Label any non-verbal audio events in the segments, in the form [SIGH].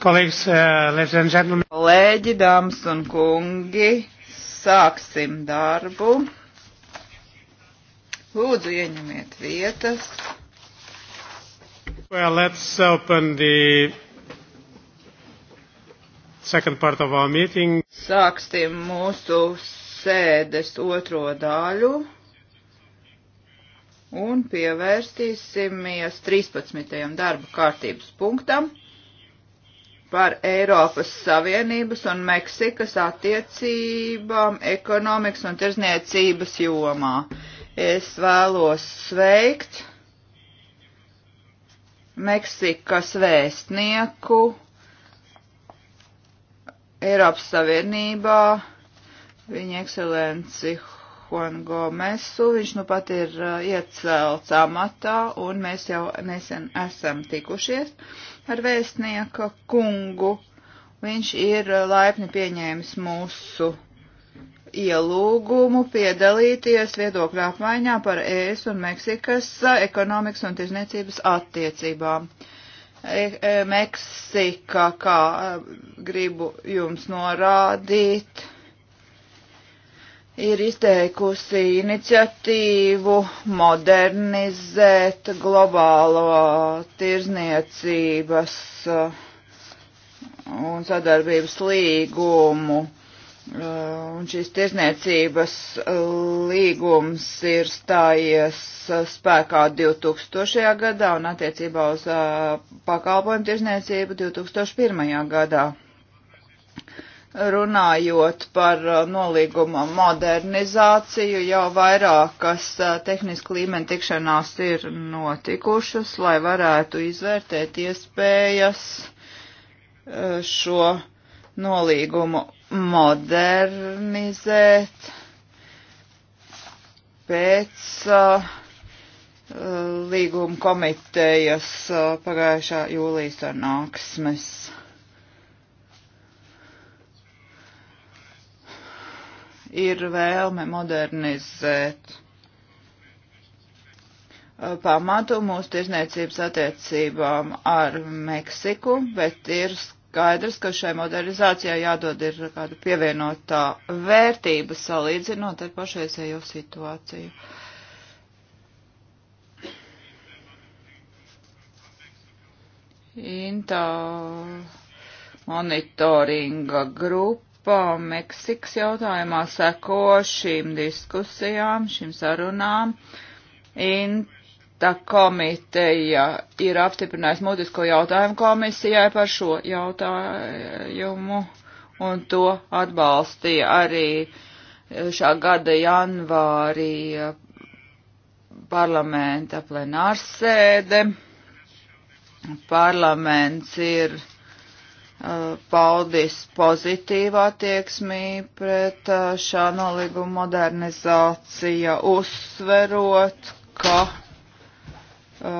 Kolēģis, uh, Kolēģi, dāmas un kungi, sāksim darbu. Lūdzu, ieņemiet vietas. Well, let's open the second part of our meeting. Sāksim mūsu sēdes otro daļu un pievērsīsimies 13. darba kārtības punktam par Eiropas Savienības un Meksikas attiecībām ekonomikas un tirzniecības jomā. Es vēlos sveikt Meksikas vēstnieku Eiropas Savienībā, viņa ekscelenci Juan Gomesu. Viņš nu pat ir uh, iecelts amatā, un mēs jau nesen esam tikušies ar vēstnieka kungu. Viņš ir uh, laipni pieņēmis mūsu ielūgumu piedalīties viedokļu apmaiņā par ES un Meksikas uh, ekonomikas un tirzniecības attiecībām. E e Meksika, kā uh, gribu jums norādīt, ir izteikusi iniciatīvu modernizēt globālo tirzniecības uh, un sadarbības līgumu. Uh, un šis tirzniecības uh, līgums ir stājies spēkā 2000. gadā un attiecībā uz pakalpojumu tirzniecību 2001. gadā runājot par uh, nolīguma modernizāciju, jau vairākas uh, tehniski līmeni tikšanās ir notikušas, lai varētu izvērtēt iespējas uh, šo nolīgumu modernizēt pēc līguma komitejas pagājušā jūlijas sanāksmes. ir vēlme modernizēt uh, pamatu mūsu tirzniecības attiecībām ar Meksiku, bet ir skaidrs, ka šai modernizācijai jādod ir kāda pievienotā vērtība salīdzinot ar pašreizējo situāciju. Inta monitoringa grupa Eiropā Meksikas jautājumā seko šīm diskusijām, šīm sarunām. Inta komiteja ir apstiprinājusi mutisko jautājumu komisijai par šo jautājumu, un to atbalstīja arī šā gada janvārī parlamenta plenārsēde. Parlaments ir Eh, paudis pozitīvā tieksmī pret eh, šā nolīguma modernizācija, uzsverot, ka uh,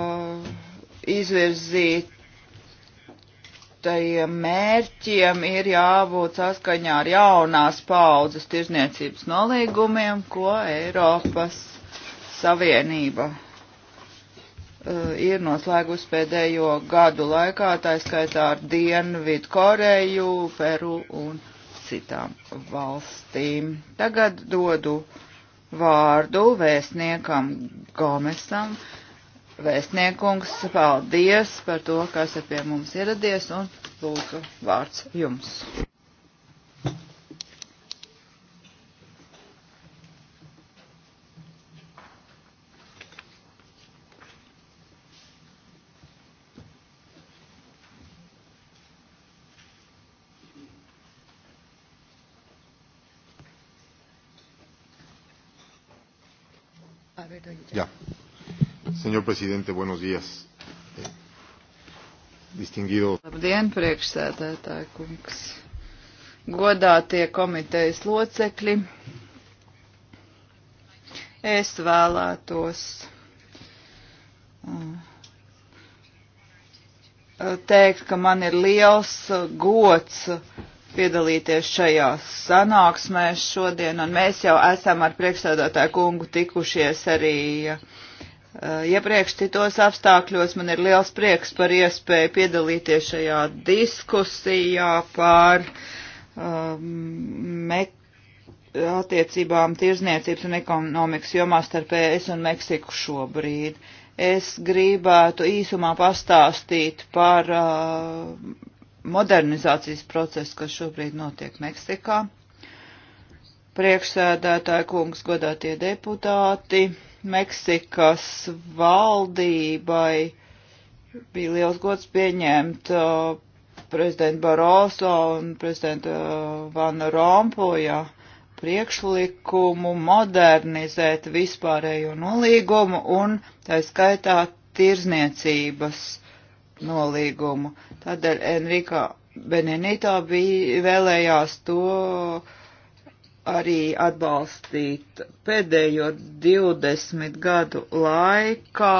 izvirzītajiem mērķiem ir jābūt saskaņā ar jaunās paudzes tirzniecības nolīgumiem, ko Eiropas Savienība Eh, ir noslēgusi pēdējo gadu laikā, tā skaitā ar Dienvidu Koreju, Peru un citām valstīm. Tagad dodu vārdu vēstniekam Gomesam. Vēstniekungs, paldies par to, ka esat pie mums ieradies un lūdzu vārds jums. Ya. Señor presidente, buenos días. Distinguido. Labdien, priekšsēdētāji kungs. Godātie komitejas locekļi. Es vēlētos uh, teikt, ka man ir liels gods piedalīties šajā sanāksmē šodien, un mēs jau esam ar priekšstādātāju kungu tikušies arī uh, iepriekš citos apstākļos. Man ir liels prieks par iespēju piedalīties šajā diskusijā par um, uh, attiecībām tirzniecības un ekonomikas jomā starp ES un Meksiku šobrīd. Es gribētu īsumā pastāstīt par uh, modernizācijas procesu, kas šobrīd notiek Meksikā. Priekšsēdētāja kungs, godātie deputāti, Meksikas valdībai bija liels gods pieņemt uh, prezidentu Baroso un prezidentu uh, Vana Rompuja priekšlikumu modernizēt vispārējo nolīgumu un tā skaitā tirzniecības nolīgumu. Tādēļ Enrika Benenito bija vēlējās to arī atbalstīt pēdējo 20 gadu laikā.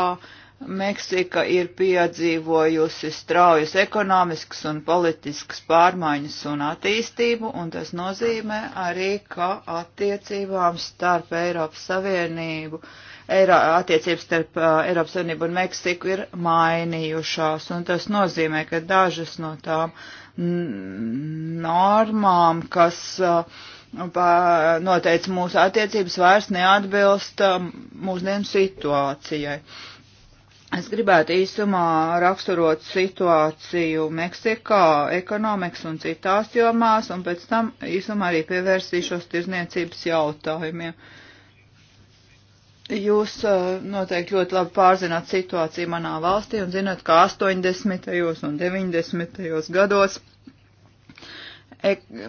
Meksika ir piedzīvojusi straujas ekonomiskas un politiskas pārmaiņas un attīstību, un tas nozīmē arī, ka attiecībām starp Eiropas Savienību uh, Eiro, attiecības starp uh, Eiropas Savienību un Meksiku ir mainījušās, un tas nozīmē, ka dažas no tām normām, kas uh, noteica mūsu attiecības, vairs neatbilst uh, mūsdienu situācijai. Es gribētu īsumā raksturot situāciju Meksikā, ekonomikas un citās jomās, un pēc tam īsumā arī pievērsīšos tirzniecības jautājumiem. Uh, Jūs eh, noteikti ļoti labi pārzināt situāciju manā valstī un zināt, ka 80. un 90. gados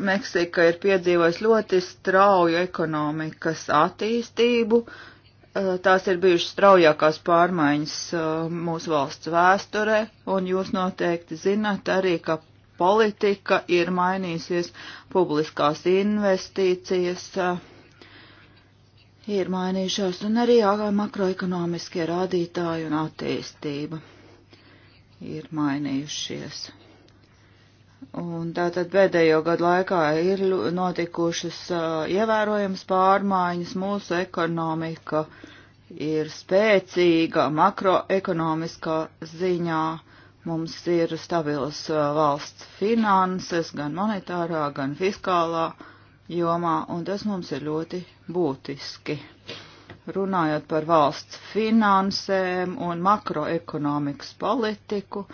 Meksika ir piedzīvojusi ļoti strauju ekonomikas attīstību. Eh, tās ir bijušas straujākās pārmaiņas eh, mūsu valsts vēsturē, un jūs noteikti zināt arī, ka politika ir mainījusies, publiskās investīcijas ir mainījušās, un arī makroekonomiskie rādītāji un attīstība ir mainījušies. Un tātad pēdējo gadu laikā ir notikušas uh, ievērojamas pārmaiņas, mūsu ekonomika ir spēcīga makroekonomiskā ziņā, mums ir stabils uh, valsts finanses, gan monetārā, gan fiskālā uh, jomā, un tas mums ir ļoti būtiski. Runājot par valsts finansēm un makroekonomikas politiku,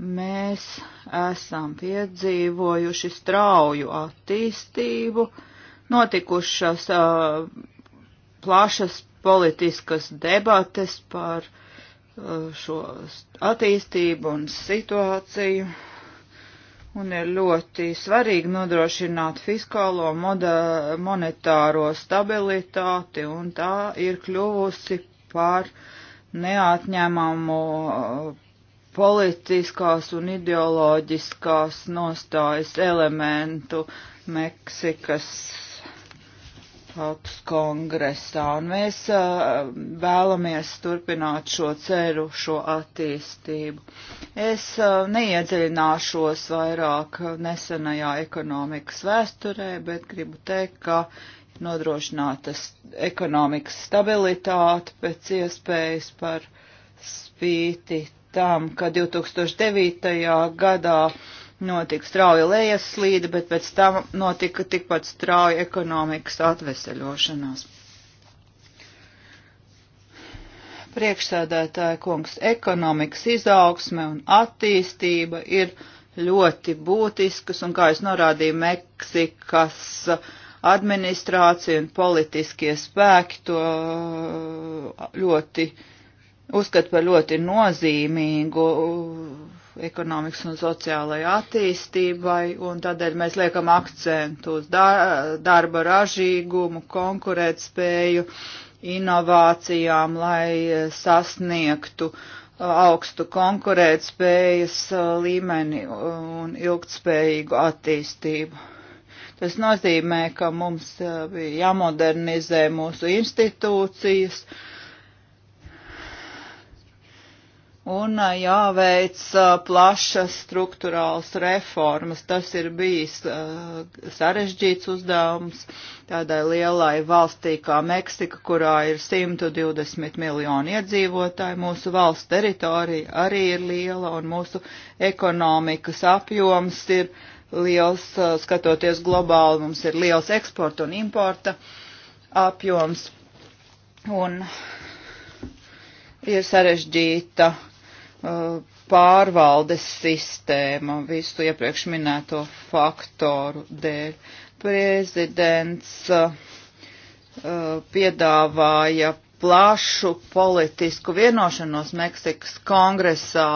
mēs esam piedzīvojuši strauju attīstību, notikušas uh, plašas politiskas debates par uh, šo attīstību un situāciju un ir ļoti svarīgi nodrošināt fiskālo moda, monetāro stabilitāti, un tā ir kļuvusi par neatņemamu uh, politiskās un ideoloģiskās nostājas elementu Meksikas tautas kongresā, un mēs uh, vēlamies turpināt šo ceru, šo attīstību. Es uh, neiedziļināšos vairāk nesenajā ekonomikas vēsturē, bet gribu teikt, ka nodrošinātas ekonomikas stabilitāte pēc iespējas par spīti tam, ka 2009. gadā notika strauja lejaslīde, bet pēc tam notika tikpat strauja ekonomikas atveseļošanās. Priekšsēdētāja kungs, ekonomikas izaugsme un attīstība ir ļoti būtiskas, un kā es norādīju, Meksikas administrācija un politiskie spēki to uh, ļoti uzskata par ļoti nozīmīgu uh, ekonomikas un sociālajai attīstībai, un tādēļ mēs liekam akcentu uz darba ražīgumu, konkurētspēju, inovācijām, lai sasniegtu uh, augstu konkurētspējas uh, līmeni un ilgtspējīgu attīstību. Tas nozīmē, ka mums uh, bija jāmodernizē mūsu institūcijas, uh, un jāveic plašas struktūrāls reformas. Tas ir bijis sarežģīts uzdevums tādai lielai valstī kā Meksika, kurā ir 120 miljoni iedzīvotāji. Mūsu valsts teritorija arī ir liela un mūsu ekonomikas apjoms ir liels, skatoties globāli, mums ir liels eksporta un importa apjoms. Un uh, ir sarežģīta uh, pārvaldes sistēma visu iepriekš minēto faktoru dēļ. Prezidents uh, piedāvāja plašu politisku vienošanos Meksikas kongresā,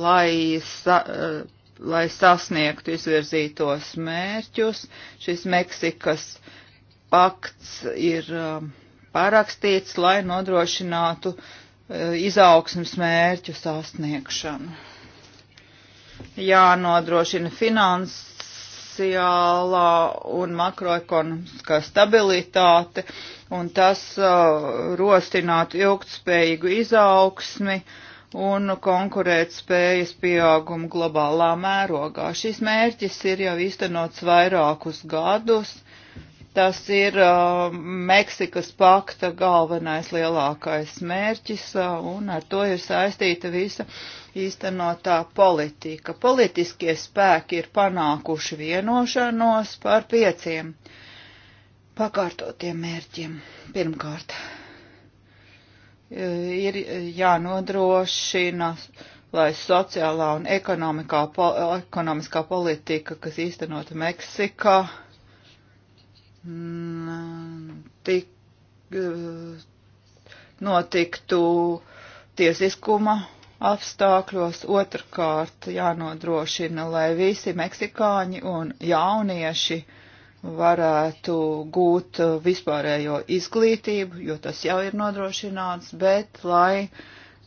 lai, sa, uh, lai sasniegtu izvirzītos mērķus. Šis Meksikas pakts ir parakstīts, lai nodrošinātu uh, Eh, izaugsmas mērķu sasniegšanu. Jānodrošina finansiālā un makroekonomiskā stabilitāte, un tas uh, eh, rostinātu ilgtspējīgu izaugsmi un konkurēt spējas pieaugumu globālā mērogā. Šis mērķis ir jau īstenots vairākus gadus Tas ir uh, Meksikas pakta galvenais lielākais mērķis, uh, un ar to ir saistīta visa īstenotā politika. Politiskie spēki ir panākuši vienošanos par pieciem pakārtotiem mērķiem. Pirmkārt, ir jānodrošina lai sociālā un ekonomiskā politika, kas īstenota Meksikā, tik, eh, notiktu tiesiskuma apstākļos. Otrkārt, jānodrošina, lai visi meksikāņi un jaunieši varētu gūt eh, vispārējo izglītību, jo tas jau ir nodrošināts, bet lai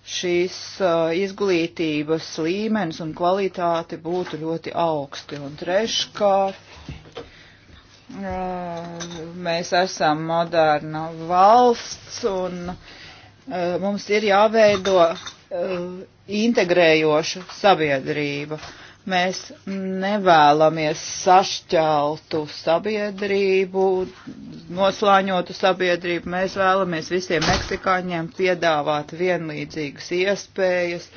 šīs eh, izglītības līmenis un kvalitāte būtu ļoti augsti. Un treškārt, mēs esam moderna valsts un e, mums ir jāveido e, integrējoša sabiedrība. Mēs nevēlamies sašķeltu sabiedrību, noslāņotu sabiedrību. Mēs vēlamies visiem meksikāņiem piedāvāt vienlīdzīgas iespējas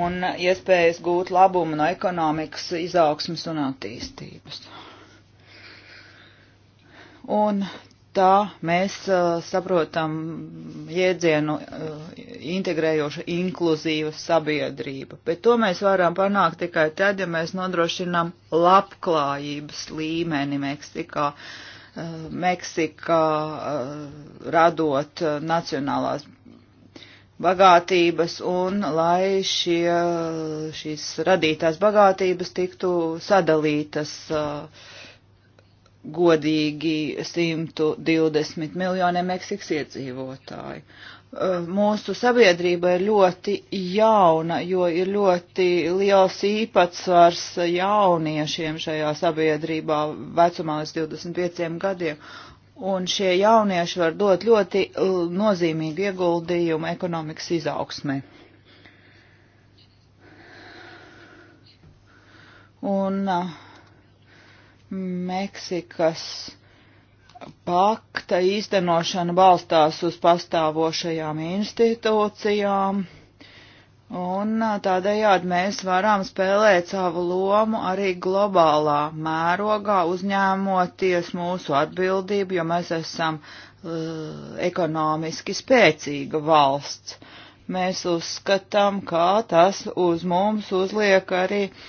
un iespējas gūt labumu no ekonomikas izaugsmas un attīstības un tā mēs uh, saprotam jēdzienu uh, integrējoša inkluzīva sabiedrība. Bet to mēs varam panākt tikai tad, ja mēs nodrošinām labklājības līmeni Meksikā, uh, Meksikā radot nacionālās bagātības un lai šie, šīs radītās bagātības tiktu sadalītas uh, godīgi 120 miljoniem Meksikas iedzīvotāju. Mūsu sabiedrība ir ļoti jauna, jo ir ļoti liels īpatsvars jauniešiem šajā sabiedrībā vecumā līdz 25 gadiem. Un šie jaunieši var dot ļoti nozīmīgu ieguldījumu ekonomikas izaugsmē. Un uh, Meksikas pakta īstenošana balstās uz pastāvošajām institūcijām, un tādējādi mēs varam spēlēt savu lomu arī globālā mērogā, uzņēmoties mūsu atbildību, jo mēs esam uh, ekonomiski spēcīga valsts. Mēs uzskatām, kā tas uz mums uzliek arī uh,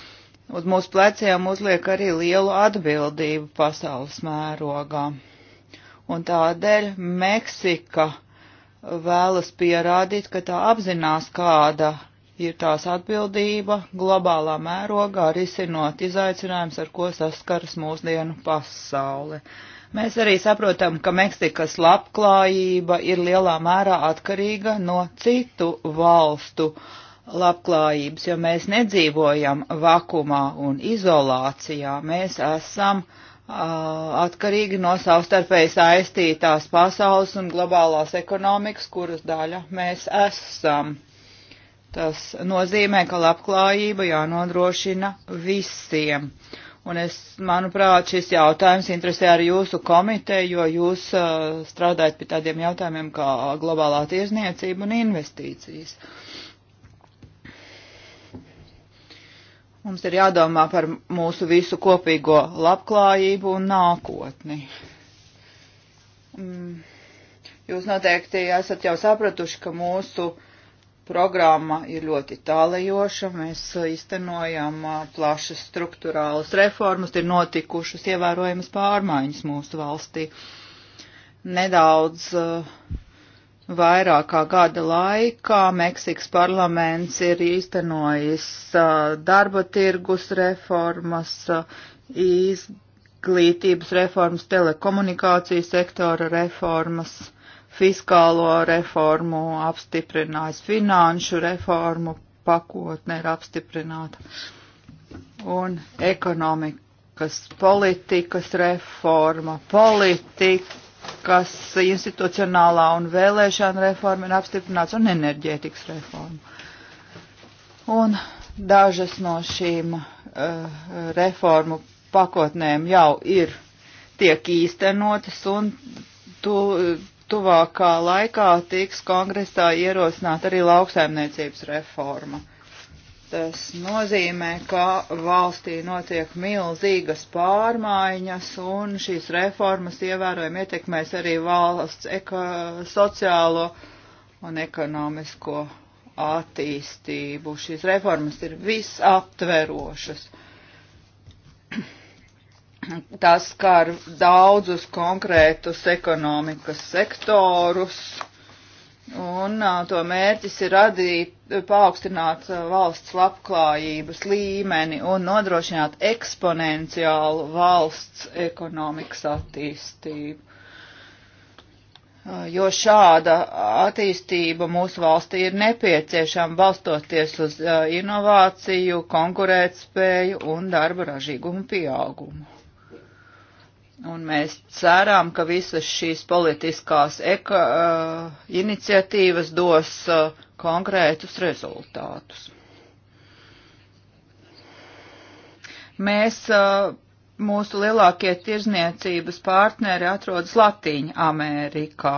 uz mūsu pleciem uzliek arī lielu atbildību pasaules mērogā. Un tādēļ Meksika vēlas pierādīt, ka tā apzinās, kāda ir tās atbildība globālā mērogā risinot izaicinājums, ar ko saskaras mūsdienu pasaule. Mēs arī saprotam, ka Meksikas labklājība ir lielā mērā atkarīga no citu valstu uh, labklājības, jo mēs nedzīvojam vakumā un izolācijā. Mēs esam uh, atkarīgi no savstarpēji saistītās pasaules un globālās ekonomikas, kuras daļa mēs esam. Tas nozīmē, ka labklājība jānodrošina visiem. Un es, manuprāt, šis jautājums interesē arī jūsu komiteju, jo jūs uh, strādājat pie tādiem jautājumiem kā globālā tirzniecība un investīcijas. Uh, Mums ir jādomā par mūsu visu kopīgo labklājību un nākotni. Mm. Jūs noteikti esat jau sapratuši, ka mūsu programma ir ļoti tālajoša. Mēs iztenojam plašas struktūrālas reformas, ir notikušas ievērojamas pārmaiņas mūsu valstī. Nedaudz uh, Vairākā gada laikā Meksikas parlaments ir īstenojis uh, darba tirgus reformas, uh, izglītības reformas, telekomunikācijas sektora reformas, fiskālo reformu, apstiprinājis finanšu reformu, pakotne ir apstiprināta un ekonomikas politikas reforma, politika bankas institucionālā un vēlēšana reforma ir apstiprināts un enerģētikas reforma. Un dažas no šīm uh, reformu pakotnēm jau ir tiek īstenotas un tu, tuvākā laikā tiks kongresā ierosināt arī lauksaimniecības reforma. Tas nozīmē, ka valstī notiek milzīgas pārmaiņas un šīs reformas ievērojami ietekmēs arī valsts eko, sociālo un ekonomisko attīstību. Šīs reformas ir visaptverošas. Tas skar daudzus konkrētus ekonomikas sektorus, un to mērķis ir radīt paaugstināt uh, valsts labklājības līmeni un nodrošināt eksponenciālu valsts ekonomikas attīstību. Uh, jo šāda attīstība mūsu valstī ir nepieciešama balstoties uz uh, inovāciju, konkurētspēju un darba ražīgumu pieaugumu. Un mēs ceram, ka visas šīs politiskās eka, uh, iniciatīvas dos uh, konkrētus rezultātus. Mēs, uh, mūsu lielākie tirzniecības partneri atrodas Latīņa Amerikā.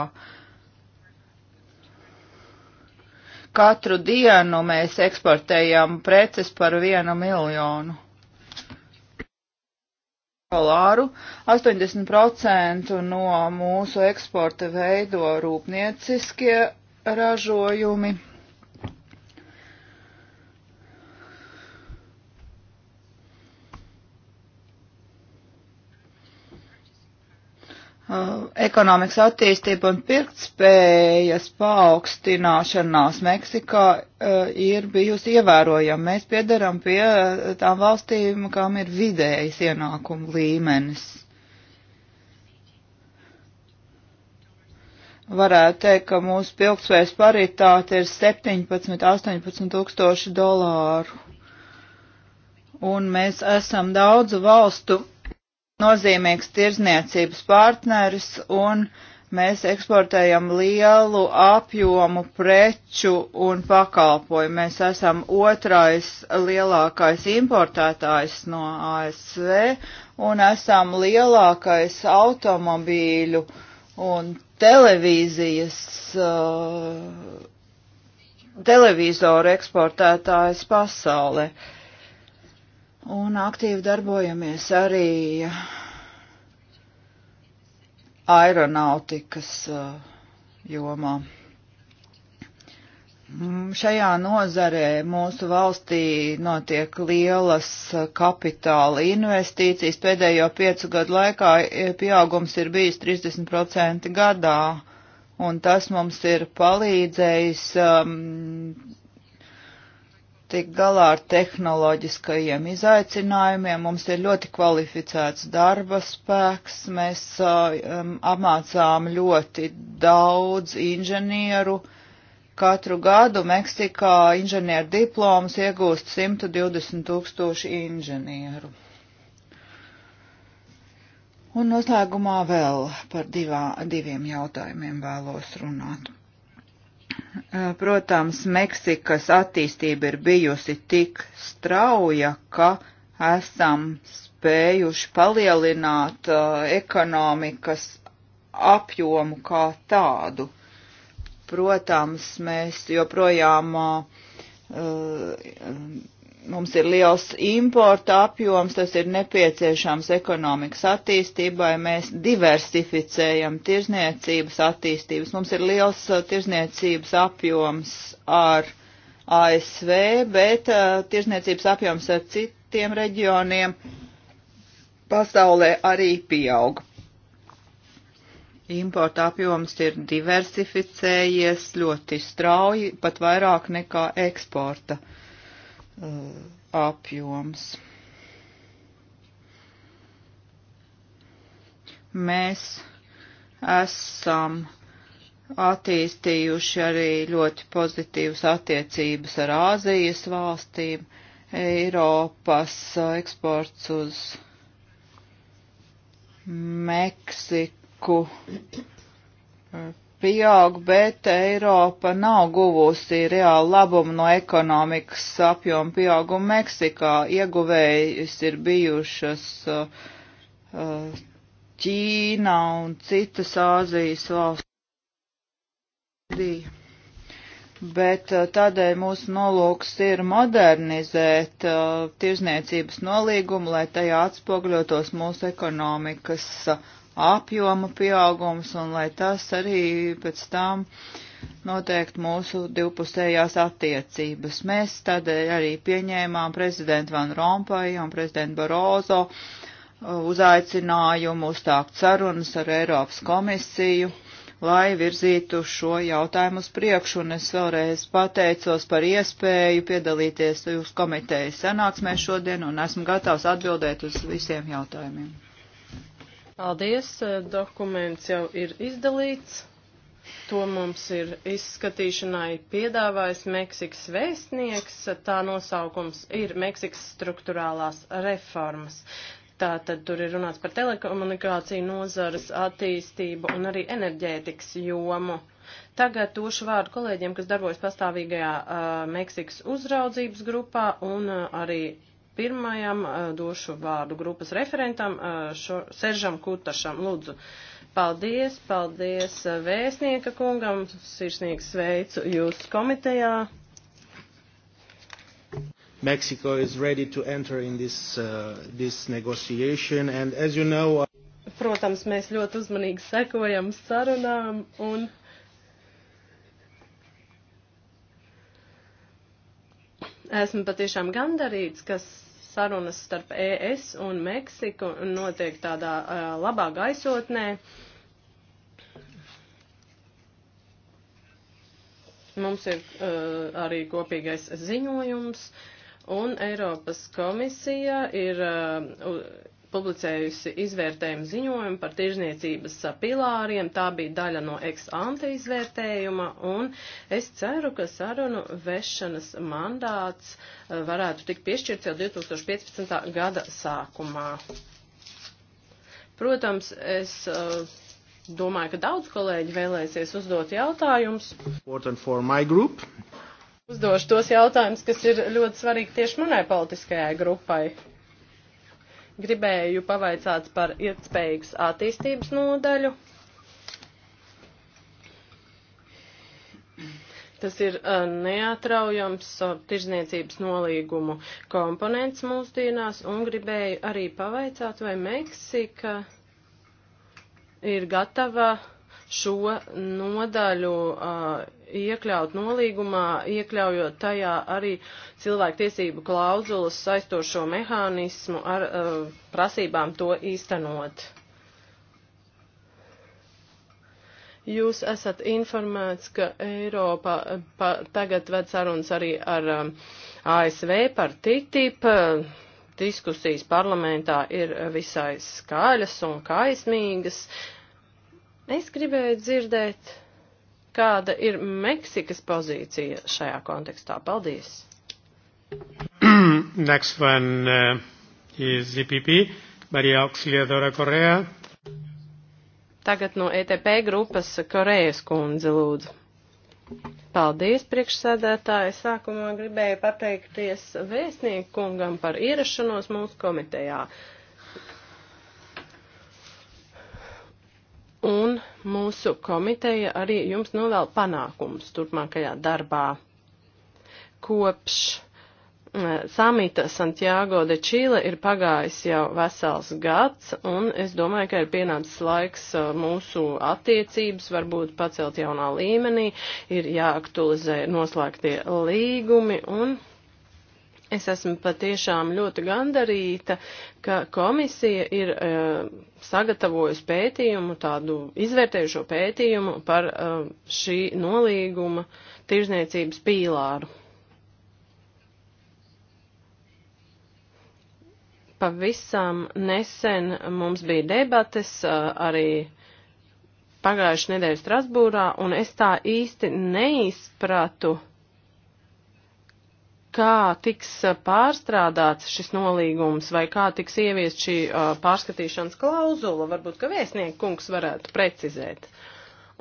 Katru dienu mēs eksportējam preces par vienu miljonu dolāru. 80% no mūsu eksporta veido rūpnieciskie ražojumi. Uh, ekonomikas attīstība un pirktspējas paaugstināšanās Meksikā uh, ir bijusi ievērojama. Mēs piedaram pie uh, tām valstīm, kam ir vidējs ienākumu līmenis. Varētu teikt, ka mūsu pilktspējas paritāte ir 17-18 tūkstoši dolāru. Un mēs esam daudzu valstu nozīmīgs tirzniecības partneris un mēs eksportējam lielu apjomu preču un pakalpojumu. Mēs esam otrais lielākais importētājs no ASV un esam lielākais automobīļu un televīzijas, uh, televizoru eksportētājs pasaulē. Uh, un aktīvi darbojamies arī uh, aeronautikas uh, jomā. Mm, šajā nozarē mūsu valstī notiek lielas uh, kapitāla investīcijas. Pēdējo piecu gadu laikā eh, pieaugums ir bijis 30% gadā, un tas mums ir palīdzējis um, tik galā ar tehnoloģiskajiem izaicinājumiem. Mums ir ļoti kvalificēts darba spēks, mēs um, apmācām ļoti daudz inženieru. Katru gadu Meksikā inženieru diplomas iegūst 120 tūkstoši inženieru. Un noslēgumā vēl par divā, diviem jautājumiem vēlos runāt. Eh, protams, Meksikas attīstība ir bijusi tik strauja, ka esam spējuši palielināt uh, ekonomikas apjomu kā tādu. Protams, mēs joprojām uh, mums ir liels importa apjoms, tas ir nepieciešams ekonomikas attīstībai, mēs diversificējam tirzniecības attīstības, mums ir liels uh, tirzniecības apjoms ar ASV, bet uh, tirzniecības apjoms ar citiem reģioniem pasaulē arī pieaug. Importa apjoms ir diversificējies ļoti strauji, pat vairāk nekā eksporta. Uh, Uh, apjoms. Mēs esam attīstījuši arī ļoti pozitīvas attiecības ar Āzijas valstīm, Eiropas eksports uz Meksiku pieaug, bet Eiropa nav guvusi reāli labumu no ekonomikas apjoma pieauguma Meksikā. Ieguvējas ir bijušas uh, uh, Ķīna un citas Āzijas valsts. Bet uh, tādēļ mūsu nolūks ir modernizēt tirzniecības nolīgumu, lai tajā atspogļotos mūsu ekonomikas apjoma pieaugums un lai tas arī pēc tam noteikt mūsu divpusējās attiecības. Mēs tādēļ arī pieņēmām prezidentu Van Rompuy un prezidentu Barozo uh, uzaicinājumu uzstākt sarunas ar Eiropas komisiju, lai virzītu šo jautājumu uz priekšu, un es vēlreiz pateicos par iespēju piedalīties jūsu komitejas sanāksmē šodien, un esmu gatavs atbildēt uz visiem jautājumiem. Paldies, e, dokuments jau ir izdalīts. To mums ir izskatīšanai piedāvājis Meksikas vēstnieks. Tā nosaukums ir Meksikas struktūrālās reformas. Tātad tur ir runāts par telekomunikāciju nozares attīstību un arī enerģētikas jomu. Tagad došu vārdu kolēģiem, kas darbojas pastāvīgajā uh, Meksikas uzraudzības grupā un uh, arī Pirmajam došu vārdu grupas referentam, šo, Seržam Kutašam, lūdzu. Paldies, paldies vēstnieka kungam, sirsnīgs sveicu jūs komitejā. Mexico is ready to enter in this, uh, this negotiation and as you know... Uh... Protams, mēs ļoti uzmanīgi sekojam sarunām un esmu patiešām gandarīts, kas Sarunas starp ES un Meksiku notiek tādā uh, labā gaisotnē. Mums ir uh, arī kopīgais ziņojums, un Eiropas komisija ir uh, publicējusi izvērtējumu ziņojumu par tirzniecības pilāriem. Tā bija daļa no ex-ante izvērtējuma, un es ceru, ka sarunu vešanas mandāts eh, varētu tikt piešķirts jau 2015. gada sākumā. Protams, es eh, domāju, ka daudz kolēģi vēlēsies uzdot jautājumus. Uzdošu tos jautājumus, kas ir ļoti svarīgi tieši manai politiskajai grupai. Gribēju pavaicāt par ilgspējīgas attīstības nodaļu. Tas ir uh, neatraujams uh, tirzniecības nolīgumu komponents mūsdienās, un gribēju arī pavaicāt, vai Meksika ir gatava šo nodaļu uh, iekļaut nolīgumā, iekļaujot tajā arī cilvēktiesību klauzulas saistošo mehānismu ar uh, prasībām to īstenot. Jūs esat informēts, ka Eiropa uh, pa, tagad ved sarunas arī ar um, ASV par TTIP. Diskusijas parlamentā ir visai skaļas un kaismīgas. Es gribēju dzirdēt, kāda ir Meksikas pozīcija šajā kontekstā. Paldies! [CLEARS THROAT] Next one uh, is EPP, Marija Auxiliadora Korea. Tagad no ETP grupas Korejas kundze lūdzu. Paldies, priekšsēdētāji. Sākumā gribēju pateikties vēstnieku kungam par ierašanos mūsu komitejā. Uh, un mūsu komiteja arī jums novēl panākums turpmākajā darbā. Kopš mm, samita Santiago de Čīle ir pagājis jau vesels gads, un es domāju, ka ir pienācis laiks uh, mūsu attiecības varbūt pacelt jaunā līmenī, ir jāaktualizē noslēgtie līgumi un Es esmu patiešām ļoti gandarīta, ka komisija ir e, sagatavojusi pētījumu, tādu izvērtējušo pētījumu par e, šī nolīguma tirzniecības pīlāru. Pavisam nesen mums bija debates e, arī pagājušajā nedēļā Strasbūrā, un es tā īsti neizpratu. E, kā tiks pārstrādāts šis nolīgums vai kā tiks ieviest šī pārskatīšanas klauzula, varbūt, ka vēstnieku kungs varētu precizēt.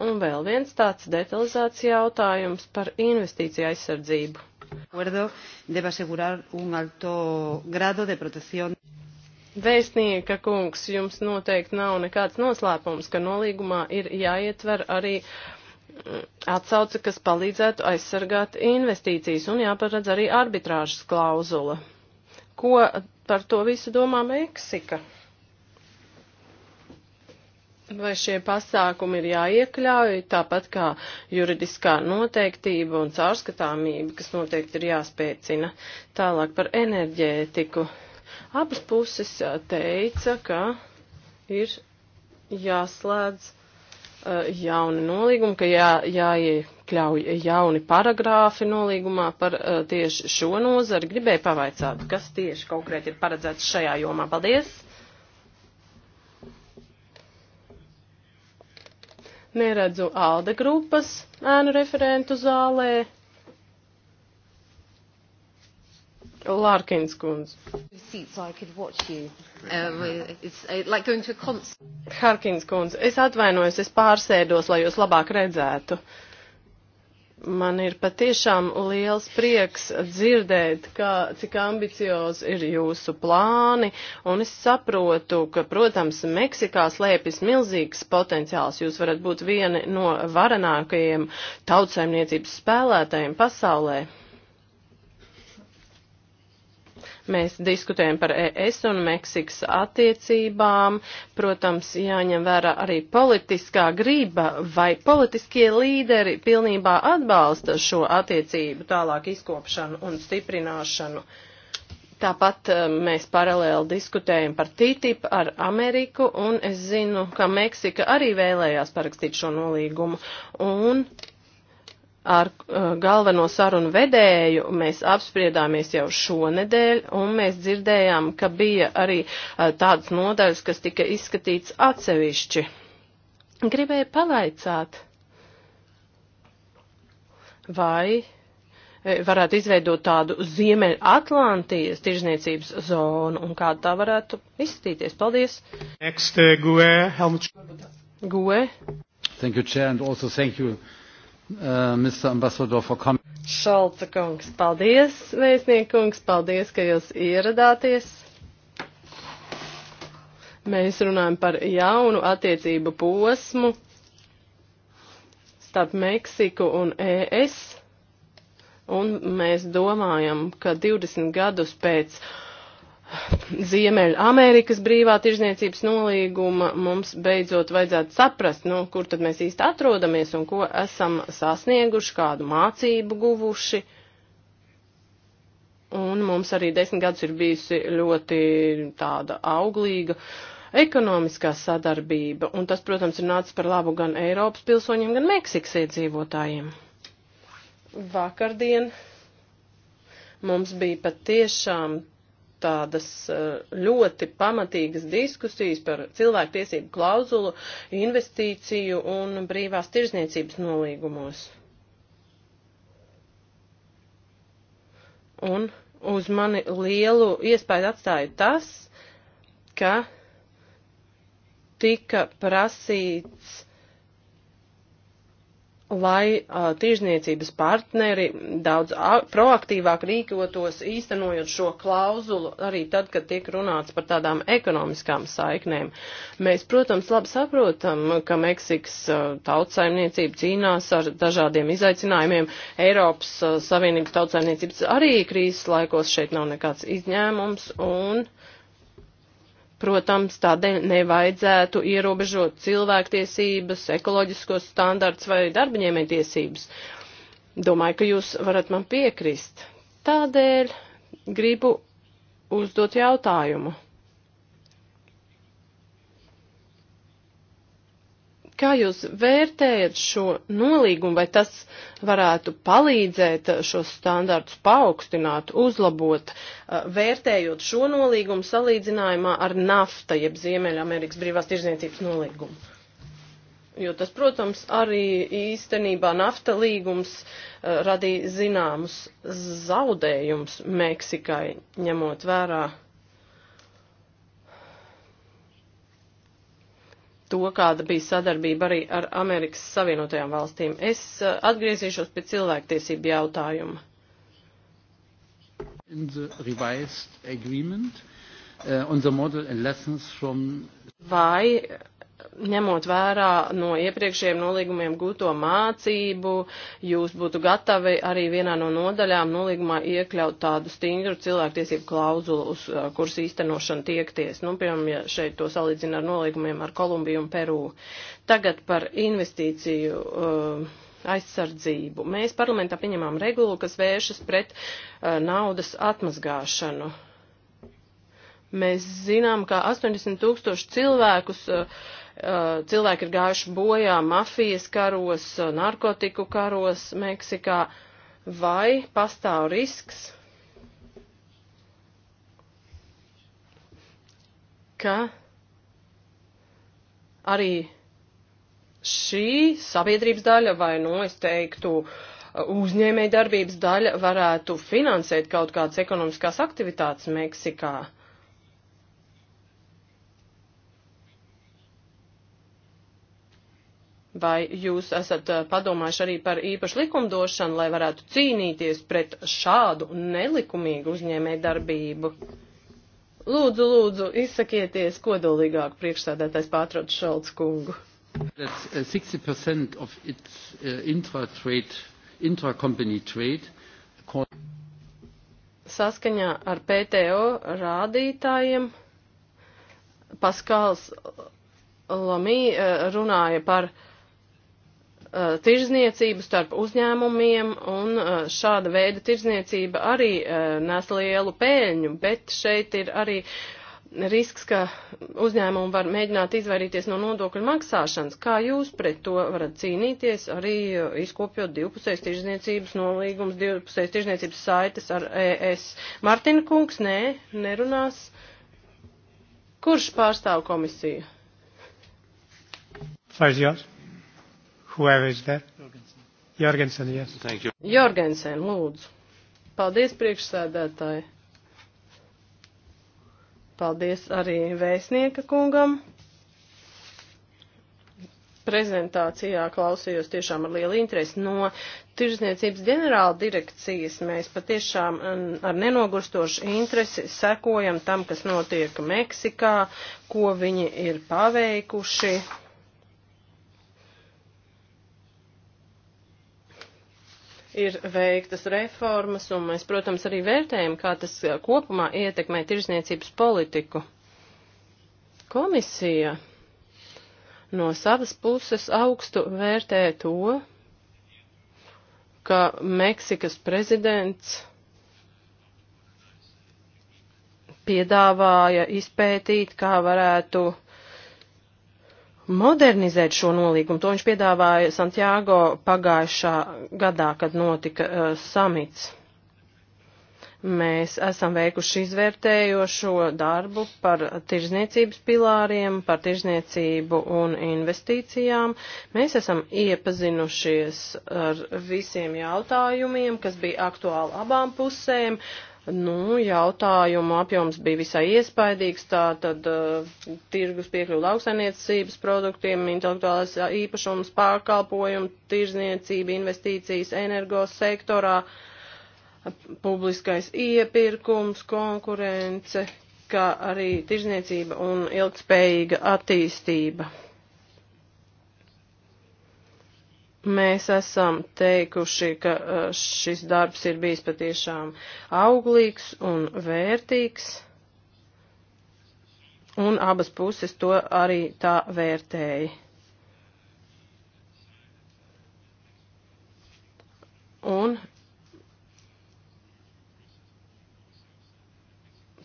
Un vēl viens tāds detalizēts jautājums par investīciju aizsardzību. Vēstnieka kungs, jums noteikti nav nekāds noslēpums, ka nolīgumā ir jāietver arī uh, atsauce, kas palīdzētu aizsargāt investīcijas un jāparedz arī arbitrāžas klauzula. Ko par to visu domā Meksika? Vai šie pasākumi ir jāiekļauj, tāpat kā juridiskā noteiktība un caurskatāmība, kas noteikti ir jāspēcina tālāk par enerģētiku. Abas puses teica, ka ir jāslēdz Eh, jauni nolīgumi, ka jā, jāiekļauj jauni paragrāfi nolīgumā par uh, tieši šo nozari. Gribēju pavaicāt, kas tieši konkrēti ir paredzēts šajā jomā. Paldies! Neredzu Alde grupas ēnu referentu zālē. Lārkins kundze. Um, uh, Harkins kundze, es atvainojos, es pārsēdos, lai jūs labāk redzētu. Man ir patiešām liels prieks dzirdēt, kā, cik ambiciozi ir jūsu plāni, un es saprotu, ka, protams, Meksikā slēpjas milzīgs potenciāls. Jūs varat būt vieni no varenākajiem tautsaimniecības spēlētājiem pasaulē. Mēs diskutējam par ES un Meksikas attiecībām. Protams, jāņem vērā arī politiskā grība vai politiskie līderi pilnībā atbalsta šo attiecību tālāk izkopšanu un stiprināšanu. Tāpat eh, mēs paralēli diskutējam par TTIP ar Ameriku, un es zinu, ka Meksika arī vēlējās parakstīt šo nolīgumu. Un ar uh, galveno sarunu vedēju mēs apspriedāmies jau šonedēļ, un mēs dzirdējām, ka bija arī uh, tādas nodaļas, kas tika izskatīts atsevišķi. Gribēju pavaicāt, vai eh, varētu izveidot tādu Ziemeļatlantijas tirzniecības zonu, un kā tā varētu izskatīties. Paldies! Next, uh, Gue, Helmut Gue. Thank you, Chair, and also thank you uh, Mr. Ambassador, for coming. Šalca kungs, paldies, vēstnieku kungs, paldies, ka jūs ieradāties. Mēs runājam par jaunu attiecību posmu starp Meksiku un ES, un mēs domājam, ka 20 gadus pēc uh, Ziemeļa Amerikas brīvā tirzniecības nolīguma mums beidzot vajadzētu saprast, nu, kur tad mēs īsti atrodamies un ko esam sasnieguši, kādu mācību guvuši. Un mums arī desmit gadus ir bijusi ļoti tāda auglīga ekonomiskā sadarbība, un tas, protams, ir nācis par labu gan Eiropas pilsoņiem, gan Meksikas iedzīvotājiem. Vakardien mums bija pat tiešām tādas eh, ļoti pamatīgas diskusijas par cilvēktiesību klauzulu, investīciju un brīvās tirzniecības nolīgumos. Un uz mani lielu iespēju atstāja tas, ka tika prasīts lai uh, tirzniecības partneri daudz proaktīvāk rīkotos, īstenojot šo klauzulu arī tad, kad tiek runāts par tādām ekonomiskām saiknēm. Mēs, protams, labi saprotam, ka Meksikas uh, tautsaimniecība cīnās ar dažādiem izaicinājumiem. Eiropas uh, Savienības tautsaimniecības arī krīzes laikos šeit nav nekāds izņēmums un uh, Protams, tādēļ nevajadzētu ierobežot cilvēktiesības, ekoloģiskos standarts vai darbaņēmētiesības. Domāju, ka jūs varat man piekrist. Tādēļ gribu uzdot jautājumu. Kā jūs vērtējat šo nolīgumu, vai tas varētu palīdzēt uh, šos standartus paaugstināt, uzlabot, uh, vērtējot šo nolīgumu salīdzinājumā ar nafta, jeb Ziemeļamerikas brīvās tirzniecības nolīgumu? Jo tas, protams, arī īstenībā nafta līgums uh, radīja zināmus zaudējumus Meksikai, ņemot vērā to, kāda bija sadarbība arī ar Amerikas Savienotajām valstīm. Es uh, atgriezīšos pie cilvēktiesību jautājuma. In the revised agreement, uh, on the model and lessons from... Vai ņemot vērā no iepriekšējiem nolīgumiem gūto mācību, jūs būtu gatavi arī vienā no nodaļām nolīgumā iekļaut tādu stingru cilvēktiesību klauzulu, uz uh, kuras īstenošana tiekties. Nu, piemēram, ja šeit to salīdzina ar nolīgumiem ar Kolumbiju un Peru. Tagad par investīciju. Uh, aizsardzību. Mēs parlamentā pieņemām regulu, kas vēršas pret uh, naudas atmazgāšanu. Mēs zinām, ka 80 tūkstoši cilvēkus uh, Eh, cilvēki ir gājuši bojā mafijas karos, eh, narkotiku karos Meksikā, vai pastāv risks, ka arī šī sabiedrības daļa vai, nu, es teiktu, eh, uzņēmējdarbības daļa varētu finansēt kaut kādas ekonomiskās aktivitātes Meksikā. Uh, vai jūs esat eh, padomājuši arī par īpašu likumdošanu, lai varētu cīnīties pret šādu nelikumīgu uzņēmē darbību? Lūdzu, lūdzu, izsakieties kodolīgāk priekšsēdētais pārtrauc Šalts kungu. That's 60% uh, of its uh, intra-trade, intra-company trade. Saskaņā ar PTO rādītājiem Paskāls Lamī uh, runāja par uh, uh, tirzniecību starp uzņēmumiem, un uh, šāda veida tirzniecība arī uh, nes lielu pēļņu, bet šeit ir arī risks, ka uzņēmumi var mēģināt izvairīties no nodokļu maksāšanas. Kā jūs pret to varat cīnīties, arī uh, izkopjot divpusējas tirzniecības nolīgums, divpusējas tirzniecības saites ar ES? Martina Kungs, nē, nerunās. Kurš pārstāv komisiju? Faiz Jārs. Whoever is there? Jorgensen, yes. Thank you. Jorgensen, lūdzu. Paldies, priekšsēdētāji. Paldies arī vēstnieka kungam. Prezentācijā klausījos tiešām ar lielu interesi no Tirzniecības ģenerāla direkcijas. Mēs patiešām mm, ar nenogurstošu interesi sekojam tam, kas notiek Meksikā, ko viņi ir paveikuši ir veiktas reformas, un mēs, protams, arī vērtējam, kā tas kopumā ietekmē tirzniecības politiku. Komisija no savas puses augstu vērtē to, ka Meksikas prezidents piedāvāja izpētīt, kā varētu modernizēt šo nolīgumu. To viņš piedāvāja Santiago pagājušā gadā, kad notika uh, samits. Mēs esam veikuši izvērtējošo darbu par tirzniecības pilāriem, par tirzniecību un investīcijām. Mēs esam iepazinušies ar visiem jautājumiem, kas bija aktuāli abām pusēm. Uh, Nu, jautājumu apjoms bija visai iespaidīgs, tā tad uh, tirgus piekļuva lauksainiecības produktiem, intelektuālais īpašums, pārkalpojumi, tirzniecība, investīcijas energos sektorā, publiskais iepirkums, konkurence, kā arī tirzniecība un ilgspējīga attīstība. Mēs esam teikuši, ka e, šis darbs ir bijis patiešām auglīgs un vērtīgs, un abas puses to arī tā vērtēja. Un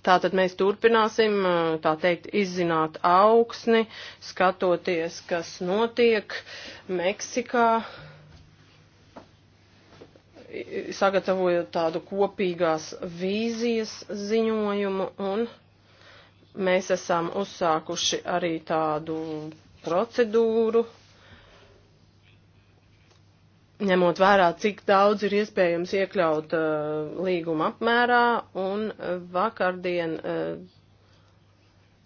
Tātad mēs turpināsim, tā teikt, izzināt augsni, skatoties, kas notiek Meksikā sagatavojot tādu kopīgās vīzijas ziņojumu, un mēs esam uzsākuši arī tādu procedūru, ņemot vērā, cik daudz ir iespējams iekļaut uh, līguma apmērā, un uh, vakardien uh,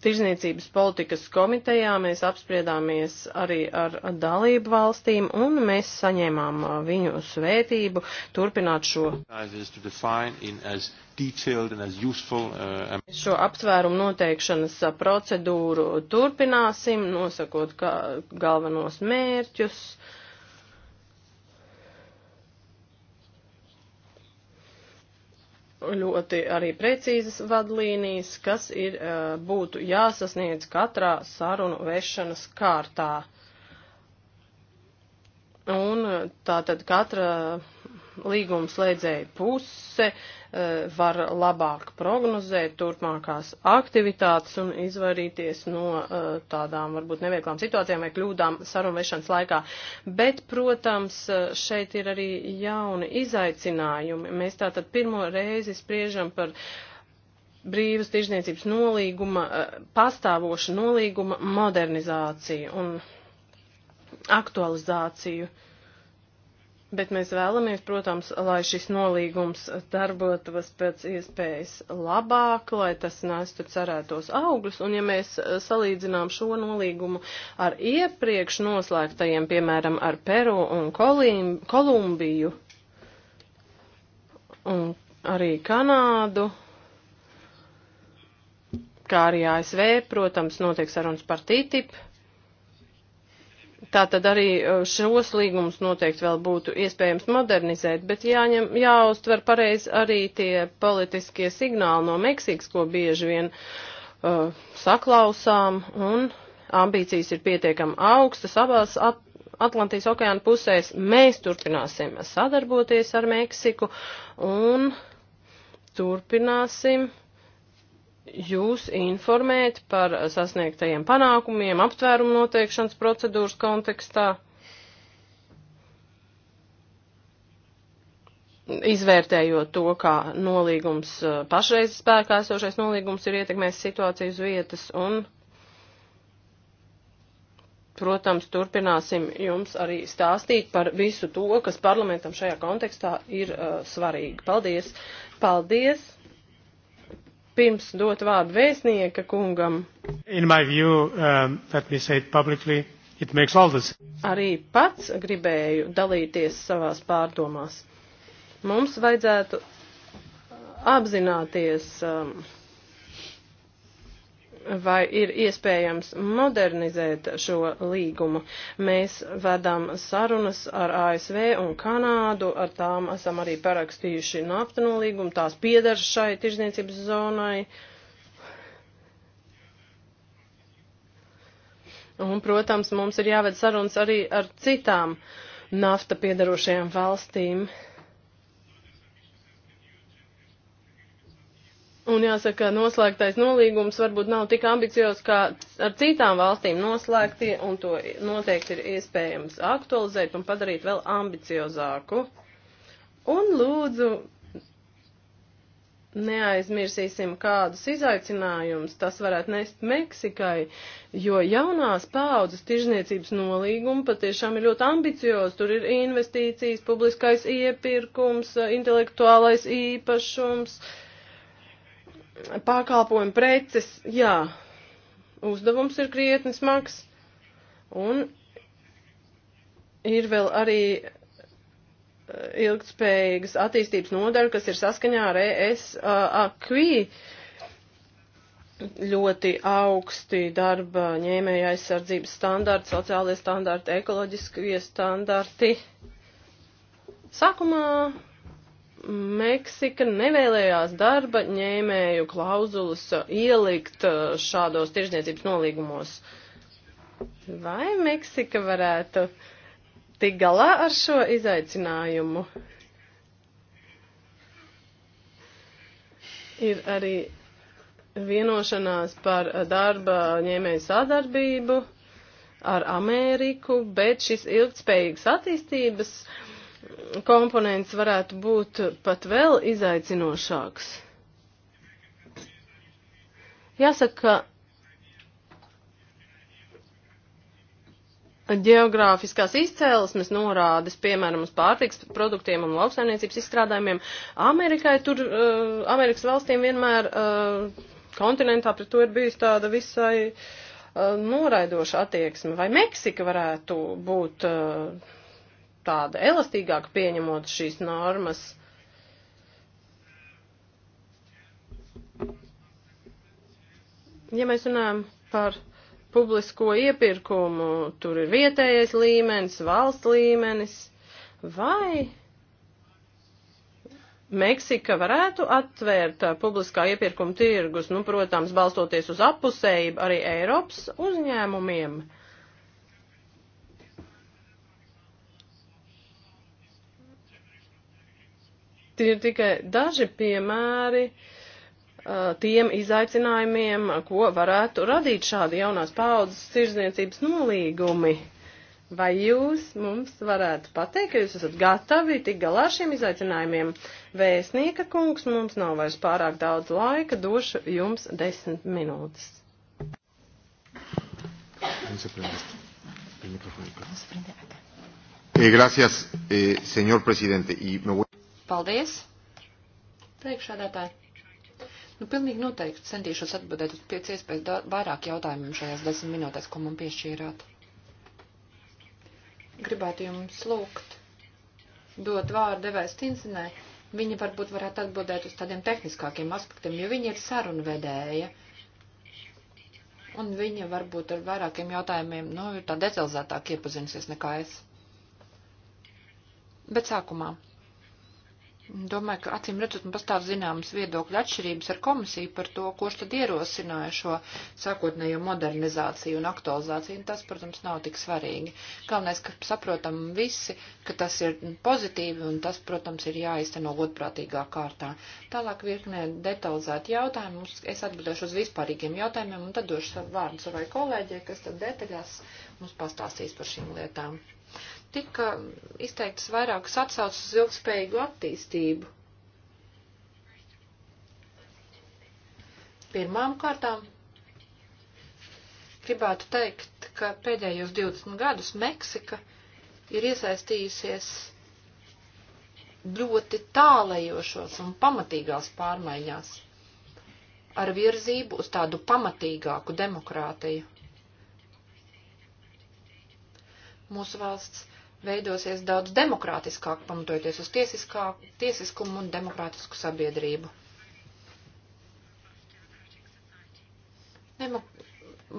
Tirzniecības politikas komitejā mēs apspriedāmies arī ar dalību valstīm, un mēs saņēmām uh, viņu svētību turpināt šo, uh, šo aptvērumu noteikšanas uh, procedūru turpināsim, nosakot galvenos mērķus. Uh, ļoti arī precīzas vadlīnijas, kas ir, eh, būtu jāsasniedz katrā sarunu vešanas kārtā. Un eh, tātad katra līgumslēdzēja puse eh, var labāk prognozēt turpmākās aktivitātes un izvairīties no eh, tādām varbūt neveiklām situācijām vai kļūdām sarunvešanas laikā. Bet, protams, eh, šeit ir arī jauni izaicinājumi. Mēs tātad pirmo reizi spriežam par brīvas tirzniecības nolīguma, pastāvoša nolīguma modernizāciju un aktualizāciju. Uh, Bet mēs vēlamies, protams, lai šis nolīgums darbotos pēc iespējas labāk, lai tas nestu cerētos augļus. Un ja mēs e, salīdzinām šo nolīgumu ar iepriekš noslēgtajiem, piemēram, ar Peru un Kolim, Kolumbiju un arī Kanādu, kā arī ASV, protams, notiek sarunas par TTIP Tātad arī uh, šos līgumus noteikti vēl būtu iespējams modernizēt, bet jāņem, jāuztver pareizi arī tie politiskie signāli no Meksikas, ko bieži vien uh, saklausām, un ambīcijas ir pietiekami augstas abās at Atlantijas okeāna pusēs. Mēs turpināsim sadarboties ar Meksiku un turpināsim jūs informēt par sasniegtajiem panākumiem aptvērumu noteikšanas procedūras kontekstā? Izvērtējot to, kā nolīgums, pašreiz spēkā esošais nolīgums ir ietekmējis situāciju uz vietas un, protams, turpināsim jums arī stāstīt par visu to, kas parlamentam šajā kontekstā ir uh, svarīgi. Paldies! Paldies! pirms dot vārdu vēstnieka kungam. View, um, publicly, Arī pats gribēju dalīties savās pārdomās. Mums vajadzētu uh, apzināties. Um, vai ir iespējams modernizēt šo līgumu. Mēs vedam sarunas ar ASV un Kanādu, ar tām esam arī parakstījuši naftanolīgumu, tās piedar šai tirzniecības zonai. Un, protams, mums ir jāved sarunas arī ar citām nafta piedarošajām valstīm. Uh, Un jāsaka, noslēgtais nolīgums varbūt nav tik ambiciozs kā ar citām valstīm noslēgtie, un to noteikti ir iespējams aktualizēt un padarīt vēl ambiciozāku. Un lūdzu, neaizmirsīsim, kādus izaicinājumus tas varētu nest Meksikai, jo jaunās paaudzes tirzniecības nolīgumi patiešām ir ļoti ambiciozi. Tur ir investīcijas, publiskais iepirkums, intelektuālais īpašums. Uh, pakalpojumi, preces, jā, uzdevums ir krietni smags, un ir vēl arī eh, ilgtspējīgas attīstības nodaļa, kas ir saskaņā ar ES eh, akvī ļoti augsti darba ņēmēja aizsardzības standarti, sociālie standarti, ekoloģiskie standarti. Sākumā Meksika nevēlējās darba ņēmēju klauzulas uh, ielikt uh, šādos tirzniecības nolīgumos. Vai Meksika varētu tik galā ar šo izaicinājumu? Ir arī vienošanās par uh, darba ņēmēju sadarbību ar Ameriku, bet šis ilgtspējīgas attīstības uh, komponents varētu būt pat vēl izaicinošāks. Jāsaka, ka geogrāfiskās izcēlesmes norādes, piemēram, uz pārtiks produktiem un lauksaimniecības izstrādājumiem, Amerikai tur, uh, Amerikas valstīm vienmēr uh, kontinentā pret to ir bijusi tāda visai uh, noraidoša attieksme. Vai Meksika varētu būt. Uh, tāda elastīgāka pieņemot šīs normas. Ja mēs runājam par publisko iepirkumu, tur ir vietējais līmenis, valsts līmenis, vai Meksika varētu atvērt publiskā iepirkuma tirgus, nu, protams, balstoties uz apusējību arī Eiropas uzņēmumiem. Uh, Tie ir tikai daži piemēri uh, tiem izaicinājumiem, ko varētu radīt šādi jaunās paaudzes tirzniecības nolīgumi. Vai jūs mums varētu pateikt, ka jūs esat gatavi tik galā ar šiem izaicinājumiem? Vēstnieka kungs, mums nav vairs pārāk daudz laika, došu jums desmit minūtes. Eh, gracias, eh, señor presidente. Y me voy Paldies! Priekšādātāji! Nu, pilnīgi noteikti centīšos atbildēt uz pēc iespējas vairāk jautājumiem šajās desmit minūtēs, ko man piešķīrāt. Gribētu jums lūgt dot vārdu devēs Tinsinai. Viņa varbūt varētu atbildēt uz tādiem tehniskākiem aspektiem, jo viņa ir sarunu vedēja. Un viņa varbūt ar vairākiem jautājumiem, nu, ir tā detalizētāk iepazinusies nekā es. Bet sākumā Domāju, ka acīm redzot, pastāv zināmas viedokļa atšķirības ar komisiju par to, kurš tad ierosināja šo sākotnējo modernizāciju un aktualizāciju, un tas, protams, nav tik svarīgi. Galvenais, ka saprotam visi, ka tas ir pozitīvi, un tas, protams, ir jāizteno godprātīgā kārtā. Tālāk virknē detalizēti jautājumi, es atbildēšu uz vispārīgiem jautājumiem, un tad došu savu vārdu savai kolēģei, kas tad detaļās mums pastāstīs par šīm lietām tika izteiktas vairākas atsauces uz ilgspējīgu attīstību. Pirmām kārtām gribētu teikt, ka pēdējos 20 gadus Meksika ir iesaistījusies ļoti tālajošos un pamatīgās pārmaiņās ar virzību uz tādu pamatīgāku demokrātiju. Mūsu valsts veidosies daudz demokrātiskāk, pamatojoties uz tiesiskā, tiesiskumu un demokrātisku sabiedrību. Demo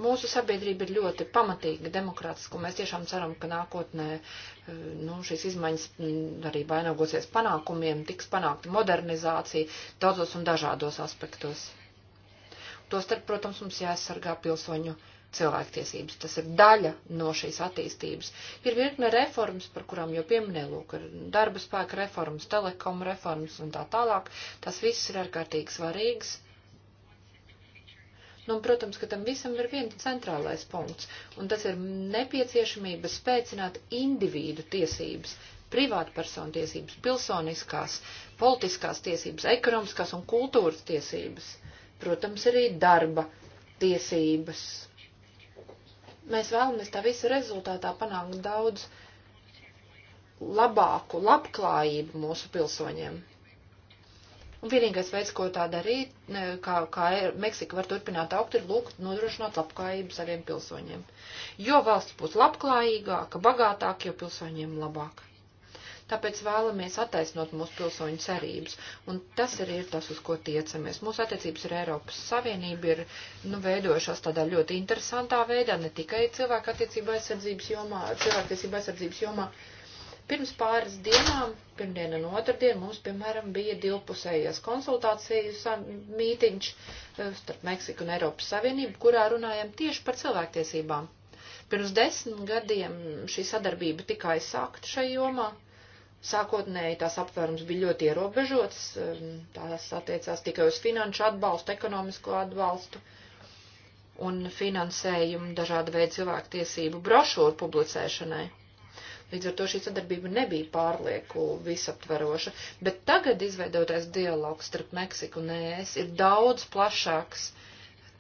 mūsu sabiedrība ir ļoti pamatīga, demokrātiska, un mēs tiešām ceram, ka nākotnē eh, nu, šīs izmaiņas mm, arī vainagosies panākumiem, tiks panākta modernizācija daudzos un dažādos aspektos. Tostarp, protams, mums jāaizsargā pilsoņu cilvēktiesības. Tas ir daļa no šīs attīstības. Ir virkne reformas, par kurām jau pieminēju, lūk, ir darba spēka reformas, telekom reformas un tā tālāk. Tas viss ir ārkārtīgi svarīgs. Nu, un, protams, ka tam visam ir viens centrālais punkts, un tas ir nepieciešamība spēcināt individu tiesības, privātpersonu tiesības, pilsoniskās, politiskās tiesības, ekonomiskās un kultūras tiesības. Protams, arī darba tiesības Mēs vēlamies tā visa rezultātā panākt daudz labāku labklājību mūsu pilsoņiem. Un vienīgais veids, ko tā darīt, kā, kā Meksika var turpināt augt, ir lūgt nodrošināt labklājību saviem pilsoņiem. Jo valsts būs labklājīgāka, bagātāka, jo pilsoņiem labāka tāpēc vēlamies attaisnot mūsu pilsoņu cerības. Un tas arī ir tas, uz ko tiecamies. Mūsu attiecības ar Eiropas Savienību ir nu, veidojušās tādā ļoti interesantā veidā, ne tikai cilvēku attiecību aizsardzības jomā, cilvēku tiesību aizsardzības jomā. Pirms pāris dienām, pirmdien un otrdien, mums, piemēram, bija divpusējās konsultācijas mītiņš e, starp Meksiku un Eiropas Savienību, kurā runājam tieši par cilvēktiesībām. Pirms desmit gadiem šī sadarbība tika aizsākta šai jomā, Sākotnēji tās aptvērums bija ļoti ierobežots, um, tās attiecās tikai uz finanšu atbalstu, ekonomisko atbalstu un finansējumu dažāda veida cilvēktiesību brošūru publicēšanai. Līdz ar to šī sadarbība nebija pārlieku visaptveroša, bet tagad izveidotais dialogs starp Meksiku un ES ir daudz plašāks.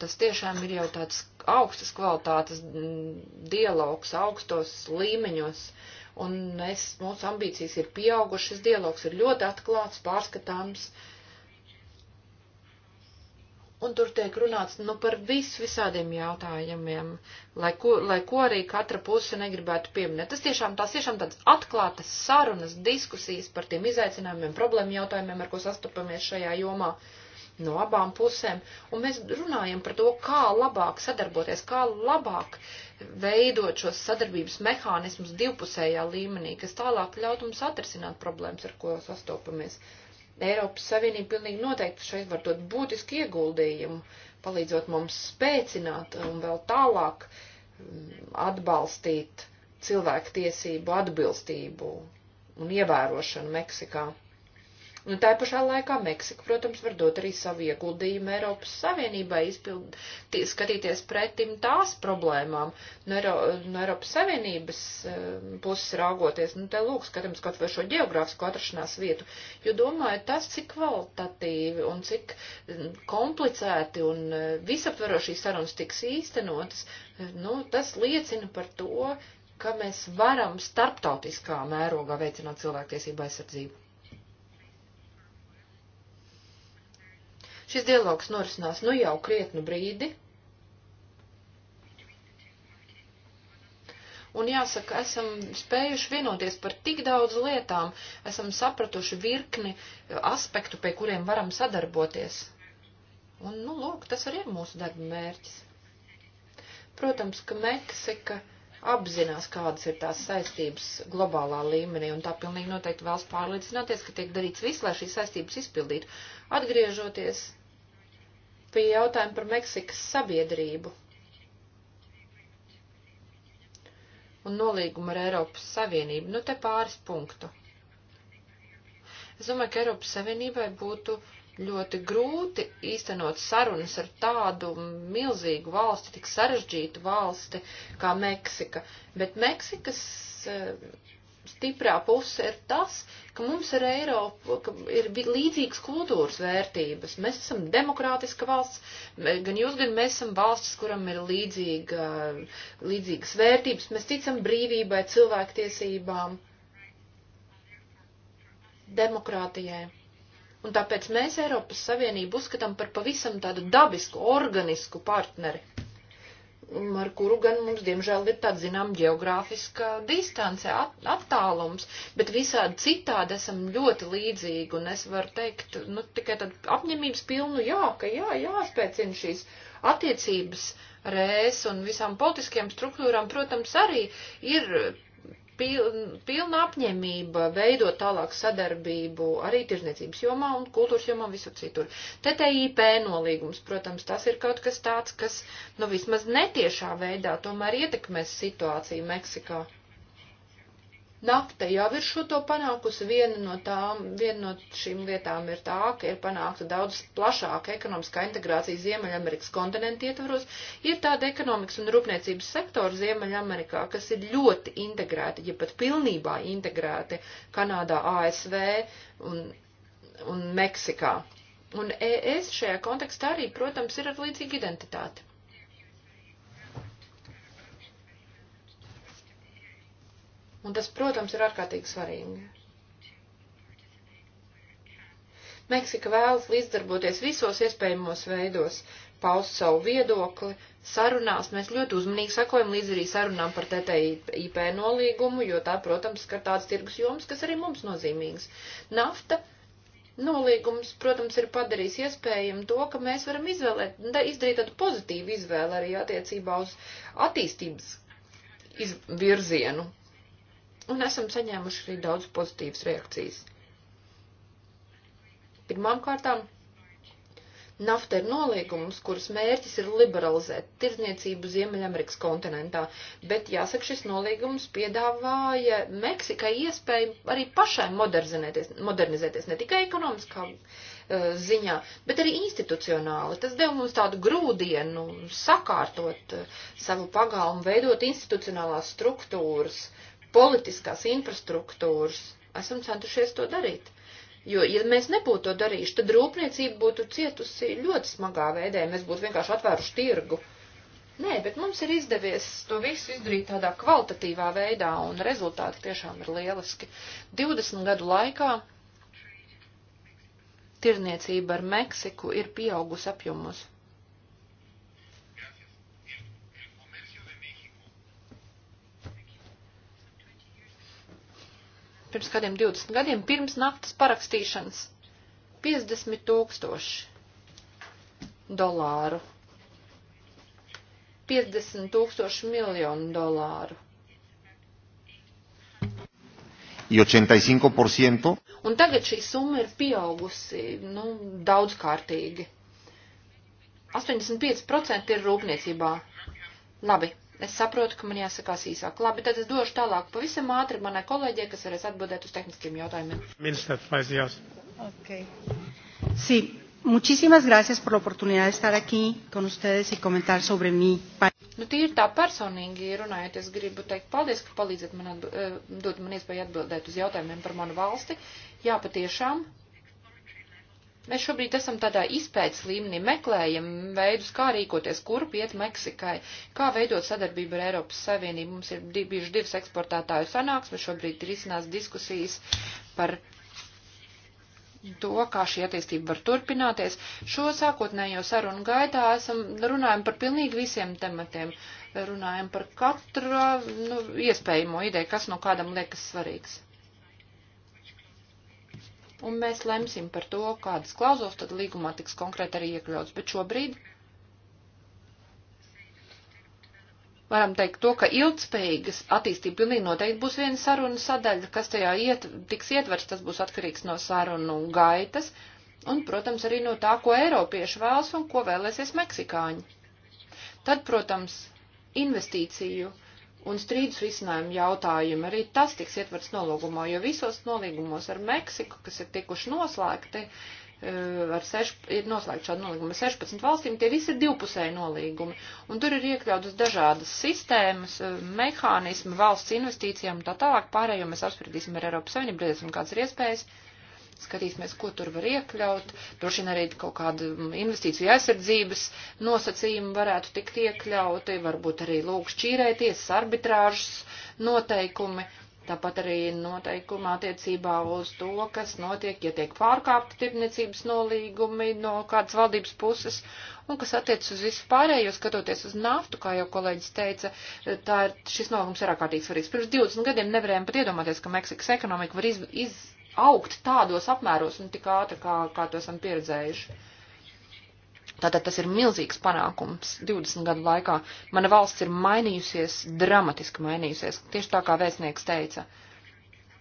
Tas tiešām ir jau tāds augstas kvalitātes mm, dialogs, augstos līmeņos, uh, un mēs, mūsu ambīcijas ir pieaugušas, dialogs ir ļoti atklāts, pārskatāms. Un tur tiek runāts nu, par vis, visādiem jautājumiem, lai ko, lai ko arī katra puse negribētu pieminēt. Tas tiešām, tās tiešām tādas atklātas sarunas, diskusijas par tiem izaicinājumiem, problēmu jautājumiem, ar ko sastopamies šajā jomā. Uh, no abām pusēm, un mēs runājam par to, kā labāk sadarboties, kā labāk veidot šos sadarbības mehānismus divpusējā līmenī, kas tālāk ļaut mums atrisināt problēmas, ar ko sastopamies. Eiropas Savienība pilnīgi noteikti šeit var dot būtisku ieguldījumu, palīdzot mums spēcināt un vēl tālāk mm, atbalstīt cilvēku tiesību atbilstību un ievērošanu Meksikā. Un nu, tā pašā laikā Meksika, protams, var dot arī savu ieguldījumu Eiropas Savienībai, izpild, tī, skatīties pretim tās problēmām no, Eiro, no Eiropas Savienības um, puses raugoties. Nu, te lūk, skatams kaut vai šo geogrāfisko atrašanās vietu, jo domāju, tas, cik kvalitatīvi un cik um, komplicēti un uh, visaptvarošīs sarunas tiks īstenotas, nu, tas liecina par to, ka mēs varam starptautiskā mērogā veicināt cilvēktiesību aizsardzību. Šis dialogs norisinās nu jau krietnu brīdi. Un jāsaka, esam spējuši vienoties par tik daudz lietām, esam sapratuši virkni eh, aspektu, pie kuriem varam sadarboties. Un, nu, lūk, tas arī ir mūsu darba mērķis. Protams, ka Meksika apzinās, kādas ir tās saistības globālā līmenī, un tā pilnīgi noteikti vēlas pārliecināties, ka tiek darīts viss, lai šīs saistības izpildītu. Atgriežoties pie jautājuma par Meksikas sabiedrību un nolīgumu ar Eiropas Savienību, nu te pāris punktu. Es domāju, ka Eiropas Savienībai būtu ļoti grūti īstenot sarunas ar tādu milzīgu valsti, tik sarežģītu valsti kā Meksika. Bet Meksikas eh, stiprā puse ir tas, ka mums ar Eiropu ir līdzīgas kultūras vērtības. Mēs esam demokrātiska valsts, gan jūs, gan mēs esam valsts, kuram ir līdzīga, līdzīgas vērtības. Mēs ticam brīvībai, cilvēktiesībām, demokrātijai. Un tāpēc mēs Eiropas Savienību uzskatām par pavisam tādu dabisku, organisku partneri, ar kuru gan mums, diemžēl, ir tāda, zinām, geogrāfiska distance, at, attālums, bet visādi citādi esam ļoti līdzīgi, un es varu teikt, nu, tikai tādu apņemības pilnu, jā, ka jā, jāspēcina šīs attiecības ar ES un visām politiskajām struktūrām, protams, arī ir pilna apņemība veidot tālāk sadarbību arī tirzniecības jomā un kultūras jomā visur citur. TTIP nolīgums, protams, tas ir kaut kas tāds, kas, nu, vismaz netiešā veidā tomēr ietekmēs situāciju Meksikā. Nafta jau ir šo to panākusi. Viena no, tām, viena no šīm lietām ir tā, ka ir panākta daudz plašāka ekonomiskā integrācija Ziemeļamerikas kontinentu ietvaros. Ir tāda ekonomikas un rūpniecības sektora Ziemeļamerikā, kas ir ļoti integrēti, ja pat pilnībā integrēti Kanādā, ASV un, un Meksikā. Un ES šajā kontekstā arī, protams, ir ar līdzīgu identitāti. Un tas, protams, ir ārkārtīgi svarīgi. Meksika vēlas līdzdarboties visos iespējamos veidos, paust savu viedokli, sarunās. Mēs ļoti uzmanīgi sakojam līdz arī sarunām par TTIP nolīgumu, jo tā, protams, skar tāds tirgus joms, kas arī mums nozīmīgs. Nafta nolīgums, protams, ir padarījis iespējamu to, ka mēs varam izvēlēt, da, izdarīt tādu pozitīvu izvēli arī attiecībā uz attīstības iz, virzienu, un esam saņēmuši arī daudz pozitīvas reakcijas. Pirmām kārtām, nafta ir nolīgums, kuras mērķis ir liberalizēt tirdzniecību Ziemeļamerikas kontinentā, bet jāsaka, šis nolīgums piedāvāja Meksikai iespēju arī pašai modernizēties, modernizēties ne tikai ekonomiskā uh, ziņā, bet arī institucionāli. Tas deva mums tādu grūdienu sakārtot uh, savu pagalmu, veidot institucionālās struktūras, politiskās infrastruktūras, esam centušies to darīt. Jo, ja mēs nebūtu to darījuši, tad rūpniecība būtu cietusi ļoti smagā veidā, ja mēs būtu vienkārši atvēruši tirgu. Nē, bet mums ir izdevies to visu izdarīt tādā kvalitatīvā veidā, un rezultāti tiešām ir lieliski. 20 gadu laikā tirniecība ar Meksiku ir pieaugusi apjomos. pirms kādiem 20 gadiem, pirms naftas parakstīšanas. 50 tūkstoši dolāru. 50 tūkstoši miljonu dolāru. Y 85%. Un tagad šī summa ir pieaugusi nu, daudzkārtīgi. 85% ir rūpniecībā. Labi, Es saprotu, ka man jāsakās īsāk. Labi, tad es došu tālāk pavisam ātri manai kolēģei, kas varēs atbildēt uz tehniskiem jautājumiem. Ministrs Faisijās. Okay. Sí, muchísimas gracias por la oportunidad de estar aquí con ustedes y comentar sobre mi país. Nu, tīri tā personīgi runājot, es gribu teikt paldies, ka palīdzat man atb eh, dot man iespēju atbildēt uz jautājumiem par manu valsti. Jā, patiešām Mēs šobrīd esam tādā izpētes līmenī, meklējam veidus, kā rīkoties, kurp iet Meksikai, kā veidot sadarbību ar Eiropas Savienību. Mums ir bijuši divas eksportētāju sanāksmes, šobrīd ir iznās diskusijas par to, kā šī attīstība var turpināties. Šo sākotnējo sarunu gaitā esam runājam par pilnīgi visiem tematiem. Runājam par katru nu, iespējamo ideju, kas no kādam liekas svarīgs un mēs lemsim par to, kādas klauzulas tad līgumā tiks konkrēti arī iekļauts. Bet šobrīd varam teikt to, ka ilgspējīgas attīstība pilnīgi noteikti būs viena saruna sadaļa, kas tajā iet, tiks ietverts, tas būs atkarīgs no sarunu gaitas un, protams, arī no tā, ko eiropieši vēlas un ko vēlēsies meksikāņi. Tad, protams, investīciju un strīdus risinājumu jautājumu. Arī tas tiks ietverts nolūgumā, jo visos nolīgumos ar Meksiku, kas ir tikuši noslēgti, eh, ar seš, ir noslēgta šāda nolīguma 16 valstīm, tie visi ir divpusēji nolīgumi. Un tur ir iekļautas dažādas sistēmas, eh, mehānismi, valsts investīcijām un tā tālāk. Pārējo mēs apspriedīsim ar Eiropas Savienību, redzēsim, kāds ir iespējas. Uh, skatīsimies, ko tur var iekļaut. Droši vien arī kaut kāda investīciju aizsardzības nosacījuma varētu tikt iekļauti, varbūt arī lūk šķīrēties, arbitrāžas noteikumi. Tāpat arī noteikuma attiecībā uz to, kas notiek, ja tiek pārkāpti tirniecības nolīgumi no kādas valdības puses, un kas attiec uz visu pārējo, skatoties uz naftu, kā jau kolēģis teica, tā ir, šis nolīgums ir ārkārtīgi svarīgs. Pirms 20 gadiem nevarējām pat iedomāties, ka Meksikas ekonomika var iz, iz, augt tādos apmēros un tik ātri, kā, kā to esam pieredzējuši. Tātad tas ir milzīgs panākums 20 gadu laikā. Mana valsts ir mainījusies, dramatiski mainījusies, tieši tā kā vēstnieks teica.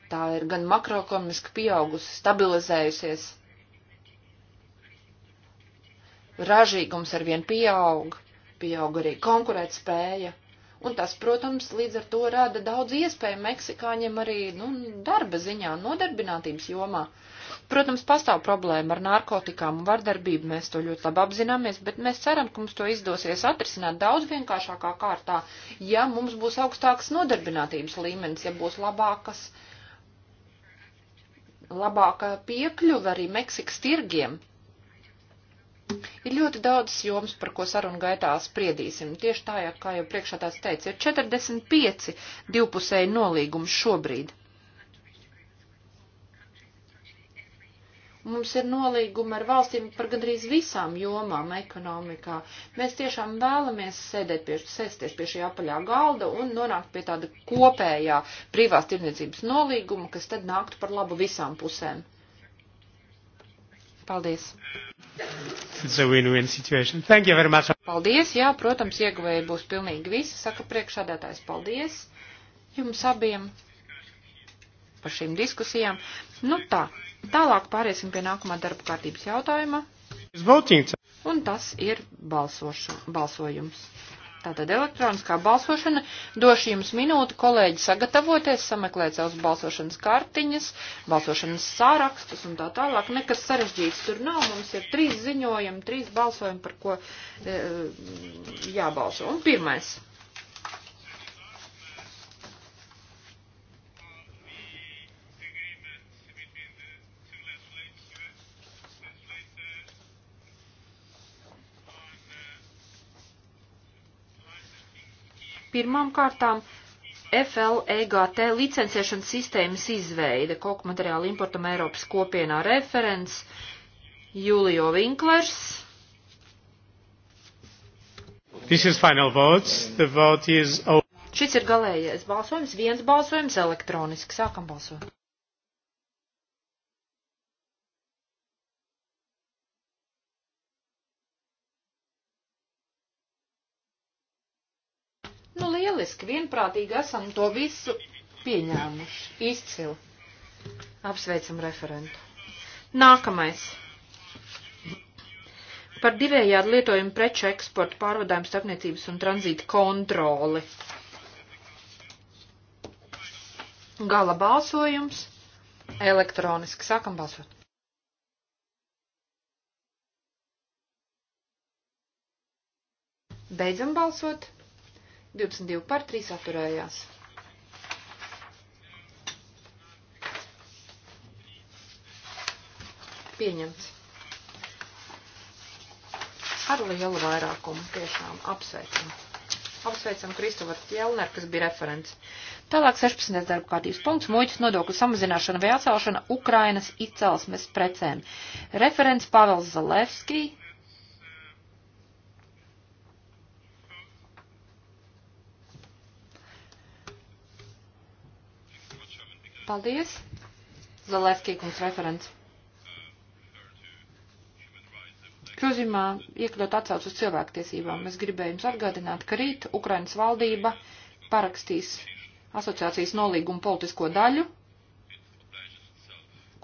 Tā ir gan makroekonomiski pieaugusi, stabilizējusies, ražīgums arvien pieaug, pieaug arī konkurētspēja Un tas, protams, līdz ar to rada daudz iespēju meksikāņiem arī nu, darba ziņā, nodarbinātības jomā. Protams, pastāv problēma ar narkotikām un vardarbību, mēs to ļoti labi apzināmies, bet mēs ceram, ka mums to izdosies atrisināt daudz vienkāršākā kārtā, ja mums būs augstāks nodarbinātības līmenis, ja būs labākas, labāka piekļuva arī Meksikas tirgiem, Ir ļoti daudz jomas, par ko sarunu gaitā spriedīsim. Tieši tā, ja, kā jau priekšā tās teica, ir 45 divpusēji nolīgumi šobrīd. Mums ir nolīgumi ar valstīm par gandrīz visām jomām ekonomikā. Mēs tiešām vēlamies sēdēt pie, sēsties pie šī apaļā galda un nonākt pie tāda kopējā privās tirniecības nolīguma, kas tad nāktu par labu visām pusēm. Paldies! Paldies, jā, protams, ieguvēji būs pilnīgi visi, saka priekšādātājs, paldies jums abiem par šīm diskusijām. Nu tā, tālāk pāriesim pie nākamā darba kārtības jautājuma. Un tas ir balsošu, balsojums. Tātad elektroniskā balsošana. Došu jums minūti, kolēģi, sagatavoties, sameklēt savus balsošanas kartiņas, balsošanas sārakstus un tā tālāk. Nekas sarežģīts tur nav. Mums ir trīs ziņojumi, trīs balsojumi, par ko e, jābalso. Un pirmais. Pirmām kārtām FLEGT licencēšanas sistēmas izveide, koku materiālu importam Eiropas kopienā referents Julio Vinklers. This is final votes. The vote is open. Šis ir galējais balsojums, viens balsojums elektroniski. Sākam balsot. lieliski, vienprātīgi esam to visu pieņēmuši. Izcili. Apsveicam referentu. Nākamais. Par divējādi lietojumu preču eksportu pārvadājumu starpniecības un tranzīta kontroli. Gala balsojums. Elektroniski sākam balsot. Beidzam balsot. 22 par 3 atturējās. Pieņemts. Ar lielu vairākumu tiešām apsveicam. Apsveicam Kristofer Jelner, kas bija referents. Tālāk 16. darba kārtības punkts - muitas nodokļu samazināšana vai atcelšana Ukrainas izcelsmes precēm. Referents Pavels Zalevski, Paldies. Zalēskī kungs referents. Grozījumā iekļaut atsauc uz cilvēktiesībām. Es gribēju jums atgādināt, ka rīt Ukrainas valdība parakstīs asociācijas nolīgumu politisko daļu,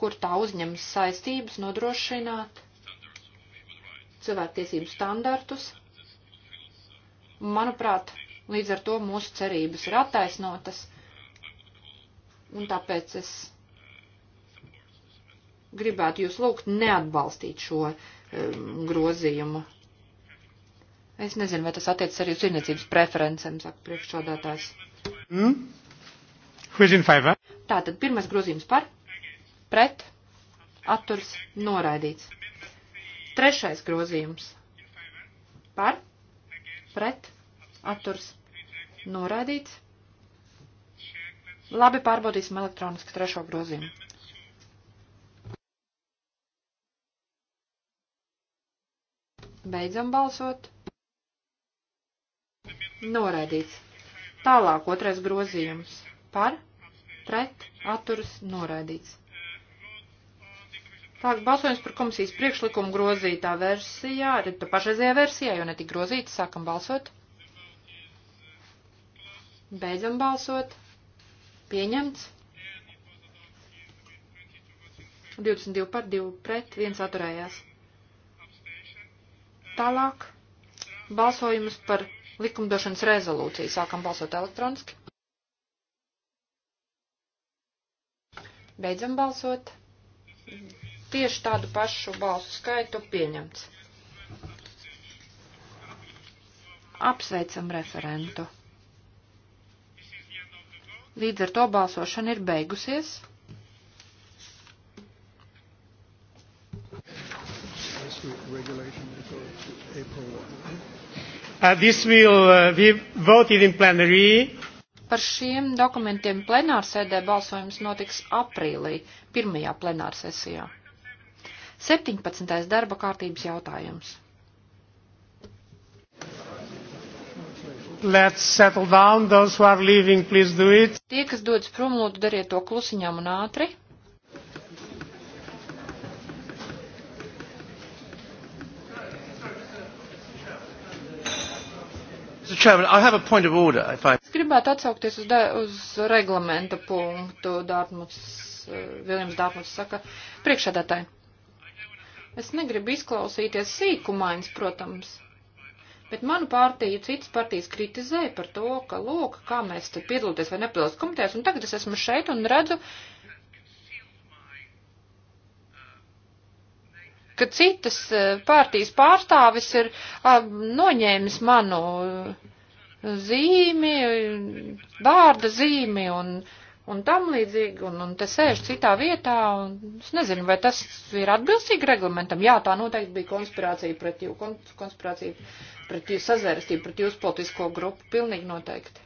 kur tā uzņems saistības nodrošināt cilvēktiesību standartus. Manuprāt, līdz ar to mūsu cerības ir attaisnotas Un tāpēc es gribētu jūs lūgt neatbalstīt šo um, grozījumu. Es nezinu, vai tas attiec arī uz tirniecības preferencēm, saka priekšsādātājs. Mm? Tātad pirmais grozījums par, pret, atturs, noraidīts. Trešais grozījums par, pret, atturs, noraidīts. Labi, pārbaudīsim elektroniski trešo grozījumu. Beidzam balsot. Noraidīts. Tālāk otrais grozījums. Par, pret, atturas, noraidīts. Tālāk balsojums par komisijas priekšlikumu grozītā versijā, arī par pašreizajā versijā, jo netika grozīts, sākam balsot. Beidzam balsot. Pieņemts. 22 par 2 pret 1 atturējās. Tālāk balsojumus par likumdošanas rezolūciju. Sākam balsot elektroniski. Beidzam balsot. Tieši tādu pašu balsu skaitu pieņemts. Apsveicam referentu. Līdz ar to balsošana ir beigusies. Uh, this will uh, be voted in plenary. Par šiem dokumentiem plenārsēdē balsojums notiks aprīlī, pirmajā plenārsesijā. 17. darba kārtības jautājums. Let's settle down. Those who are leaving, please do it. Tie, kas dodas prom, lūdzu, dariet to klusiņām un ātri. Chairman, I have a point of order. If I... Es gribētu atsaukties uz, da, uz reglamenta punktu. Dārtmuts, eh, Viljams Dārtmuts saka, priekšādātāji. Es negribu izklausīties sīkumains, protams Bet manu partiju citas partijas kritizēja par to, ka, lūk, kā mēs te piedalīties vai nepiedalīties komitēs, un tagad es esmu šeit un redzu, ka citas eh, partijas pārstāvis ir a, noņēmis manu eh, zīmi, vārda zīmi, un un tam līdzīgi, un, un te sēž citā vietā, un es nezinu, vai tas ir atbilstīgi reglamentam. Jā, tā noteikti bija konspirācija pret jū, konspirācija pret jūsu sazvērstību, pret jūsu politisko grupu, pilnīgi noteikti.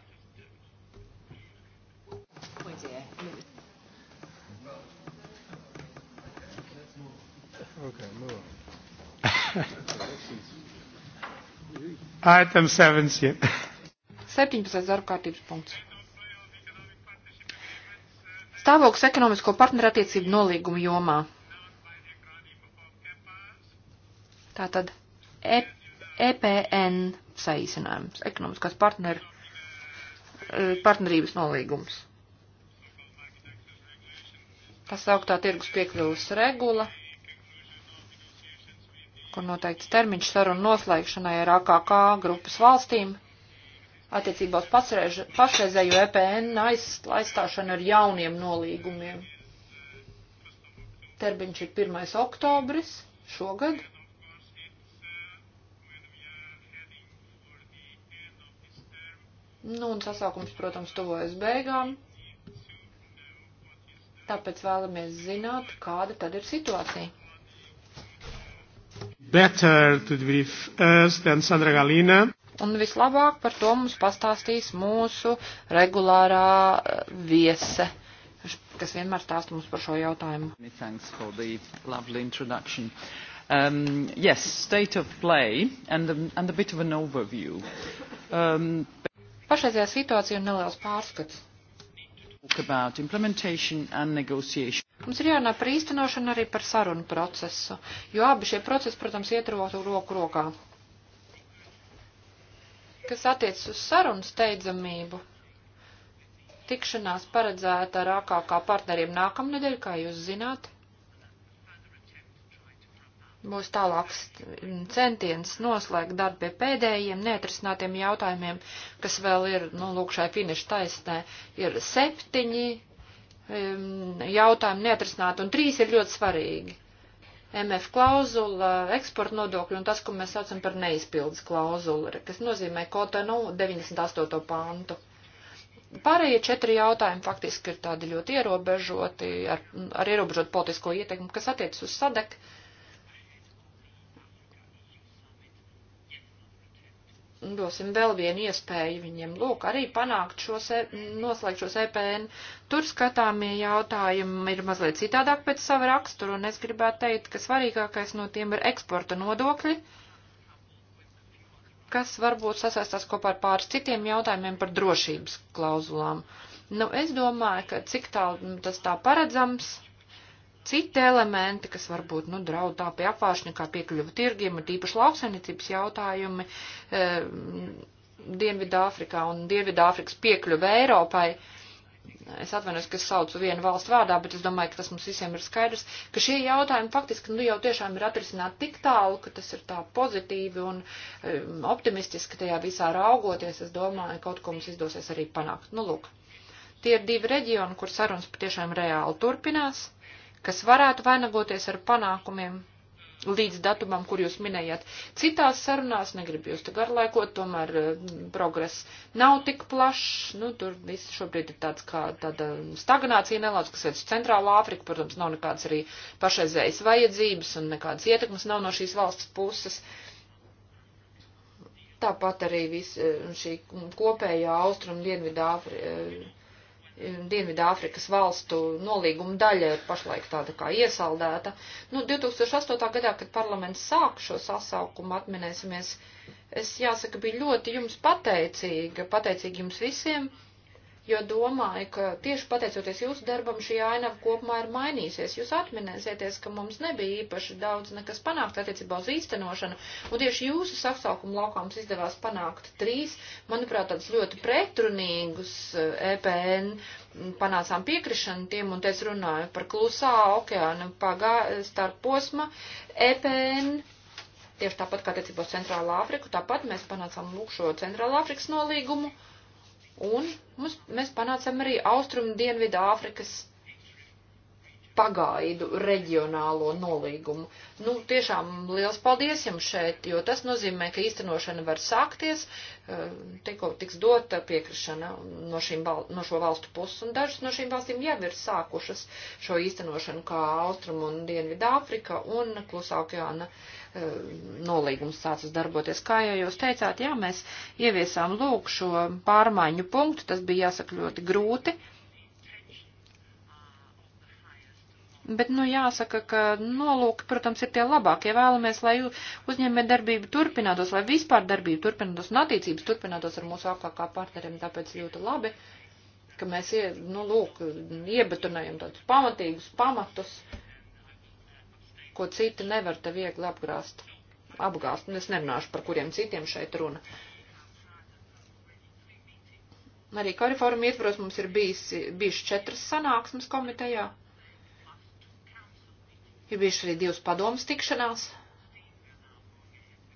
Okay, move on. [LAUGHS] Item 17. 17. darba kārtības punkts. Stāvoklis ekonomisko partnerattiecību nolīgumu jomā. Tātad e EPN saīsinājums, ekonomiskās partneru, e, partnerības nolīgums. Tas augtā tirgus piekļuvas regula, kur noteikts termiņš sarunu noslēgšanai ar AKK grupas valstīm attiecībā uz pašreizējo EPN aizstāšanu ar jauniem nolīgumiem. Termiņš ir 1. oktobris šogad. Nu, un sasaukums, protams, tuvojas beigām. Tāpēc vēlamies zināt, kāda tad ir situācija. Better to brief us than Sandra Galina un vislabāk par to mums pastāstīs mūsu regulārā eh, viese, kas vienmēr stāsta mums par šo jautājumu. Um, yes, state of play and, a, and a bit of an overview. Um, Pašreizējā situācija un neliels pārskats. About implementation and negotiation. Mums ir jārunā par īstenošanu arī par sarunu procesu, jo abi šie procesi, protams, iet roku rokā. Kas attiec uz sarunu steidzamību, tikšanās paredzēta ar AKK partneriem nākamnedēļ, kā jūs zināt. Būs tālāks centiens noslēgt darbu pie pēdējiem neatrisinātiem jautājumiem, kas vēl ir, nu, lūk, šai finiša taisnē, ir septiņi um, jautājumi neatrisināt, un trīs ir ļoti svarīgi. MF klauzula, eksporta nodokļi un tas, ko mēs saucam par neizpildes klauzulu, kas nozīmē kotenu 98. pantu. Pārējie četri jautājumi faktiski ir tādi ļoti ierobežoti, ar, ar ierobežotu politisko ietekmi, kas attiecas uz sadek. Uh, dosim vēl vienu iespēju viņiem, lūk, arī panākt šos, noslēgt šos EPN. Tur skatāmie jautājumi ir mazliet citādāk pēc sava rakstura, un es gribētu teikt, ka svarīgākais no tiem ir eksporta nodokļi, kas varbūt sasaistās kopā ar pāris citiem jautājumiem par drošības klauzulām. Nu, es domāju, ka cik tālu tas tā paredzams, citi elementi, kas varbūt, nu, draud tā pie apvāršņa, kā piekļuva tirgiem, ir tīpaši lauksaimniecības jautājumi e, Dienvidāfrikā un Dienvidāfrikas piekļuva Eiropai. Es atvainojos, ka es saucu vienu valstu vārdā, bet es domāju, ka tas mums visiem ir skaidrs, ka šie jautājumi faktiski nu, jau tiešām ir atrisināti tik tālu, ka tas ir tā pozitīvi un um, optimistiski tajā visā raugoties. Es domāju, kaut ko mums izdosies arī panākt. Nu, lūk, tie ir divi reģioni, kur sarunas patiešām reāli turpinās. Uh, kas varētu vainagoties ar panākumiem līdz datumam, kur jūs minējāt. Citās sarunās, negribu jūs te garlaikot, tomēr eh, progress nav tik plašs, nu, tur viss šobrīd ir tāds kā tāda stagnācija nelāds, kas veic centrālā Āfrika, protams, nav nekādas arī pašreizējas vajadzības un nekādas ietekmes nav no šīs valsts puses. Tāpat arī vis, eh, šī kopējā austrumu dienvidu Āfrika eh, Dienvidāfrikas valstu nolīguma daļa ir pašlaik tāda kā iesaldēta. Nu, 2008. gadā, kad parlaments sāk šo sasaukumu, atminēsimies, es jāsaka, biju ļoti jums pateicīga, pateicīga jums visiem jo domāju, ka tieši pateicoties jūsu darbam šī ainava kopumā ir mainīsies. Jūs atminēsieties, ka mums nebija īpaši daudz nekas panākt attiecībā uz īstenošanu, un tieši jūsu sasaukumu laukā mums izdevās panākt trīs, manuprāt, tādus ļoti pretrunīgus EPN eh, e panācām piekrišanu tiem, un te es runāju par klusā okeāna pagā eh, starp posma EPN Tieši tāpat kā attiecībā uz Centrālā Afriku, tāpat mēs panācām lūkšo Centrālā Afrikas nolīgumu. Uh, Un mums, mēs panācam arī austrumu dienvidu Āfrikas pagaidu reģionālo nolīgumu. Nu, tiešām liels paldies jums šeit, jo tas nozīmē, ka īstenošana var sākties, eh, tikko tiks dota piekrišana no, šīm, no šo valstu puses, un dažas no šīm valstīm jau ir sākušas šo īstenošanu, kā Austrum un Dienvidā Afrika un Klusā okeāna Eh, nolīgums sācis darboties. Kā jau jūs teicāt, jā, mēs ieviesām lūk šo pārmaiņu punktu, tas bija jāsaka ļoti grūti. Bet, nu, jāsaka, ka nolūki, protams, ir tie labākie. Ja vēlamies, lai uzņēmē darbība turpinātos, lai vispār darbība turpinātos un attiecības turpinātos ar mūsu ārkārtā partneriem, tāpēc ļoti labi, ka mēs, ie, nu, lūk, iebetonējam tādus pamatīgus pamatus. Uh, ko citi nevar te viegli apgrāst, apgāst, un es nerunāšu par kuriem citiem šeit runa. Arī Kariforma ietvaros mums ir bijis, bijis četras sanāksmes komitejā, ir bijuši arī divas padomas tikšanās,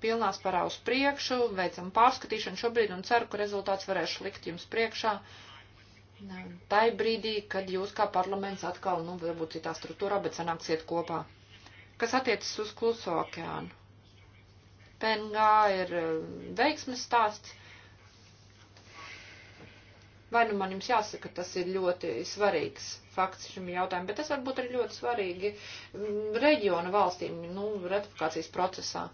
pilnā sparā uz priekšu, veicam pārskatīšanu šobrīd un ceru, ka rezultāts varēšu likt jums priekšā. Tai brīdī, kad jūs kā parlaments atkal, nu, varbūt citā struktūrā, bet sanāksiet kopā kas attiecas uz kluso okeānu. PNG ir eh, veiksmes stāsts. Vai nu man jums jāsaka, tas ir ļoti svarīgs fakts šim jautājumam, bet tas varbūt arī ļoti svarīgi mm, reģiona valstīm, nu, ratifikācijas procesā.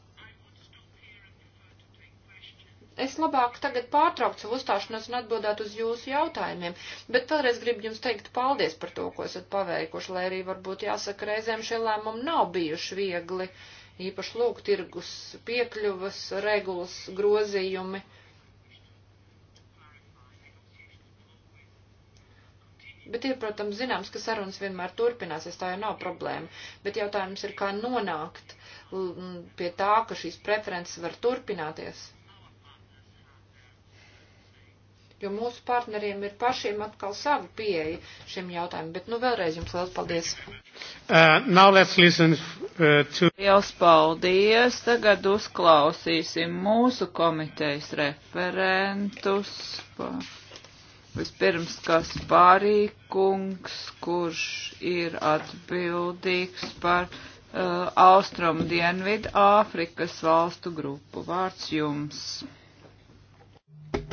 Es labāk tagad pārtrauktu savu uzstāšanos un atbildētu uz jūsu jautājumiem, bet vēlreiz gribu jums teikt paldies par to, ko esat paveikuši, lai arī varbūt jāsaka reizēm šie lēmumi nav bijuši viegli, īpaši lūk tirgus piekļuvas, regulas grozījumi. Bet ir, protams, zināms, ka sarunas vienmēr turpināsies, tā jau nav problēma. Bet jautājums ir, kā nonākt mm, pie tā, ka šīs preferences var turpināties. jo mūsu partneriem ir pašiem atkal savu pieeja šim jautājumam. Bet, nu, vēlreiz jums liels paldies. Uh, listen, uh, to... Liels paldies. Tagad uzklausīsim mūsu komitejas referentus. Pa... Vispirms, kas pārīkungs, kurš ir atbildīgs par uh, Austrum Dienvidu Āfrikas valstu grupu. Vārds jums.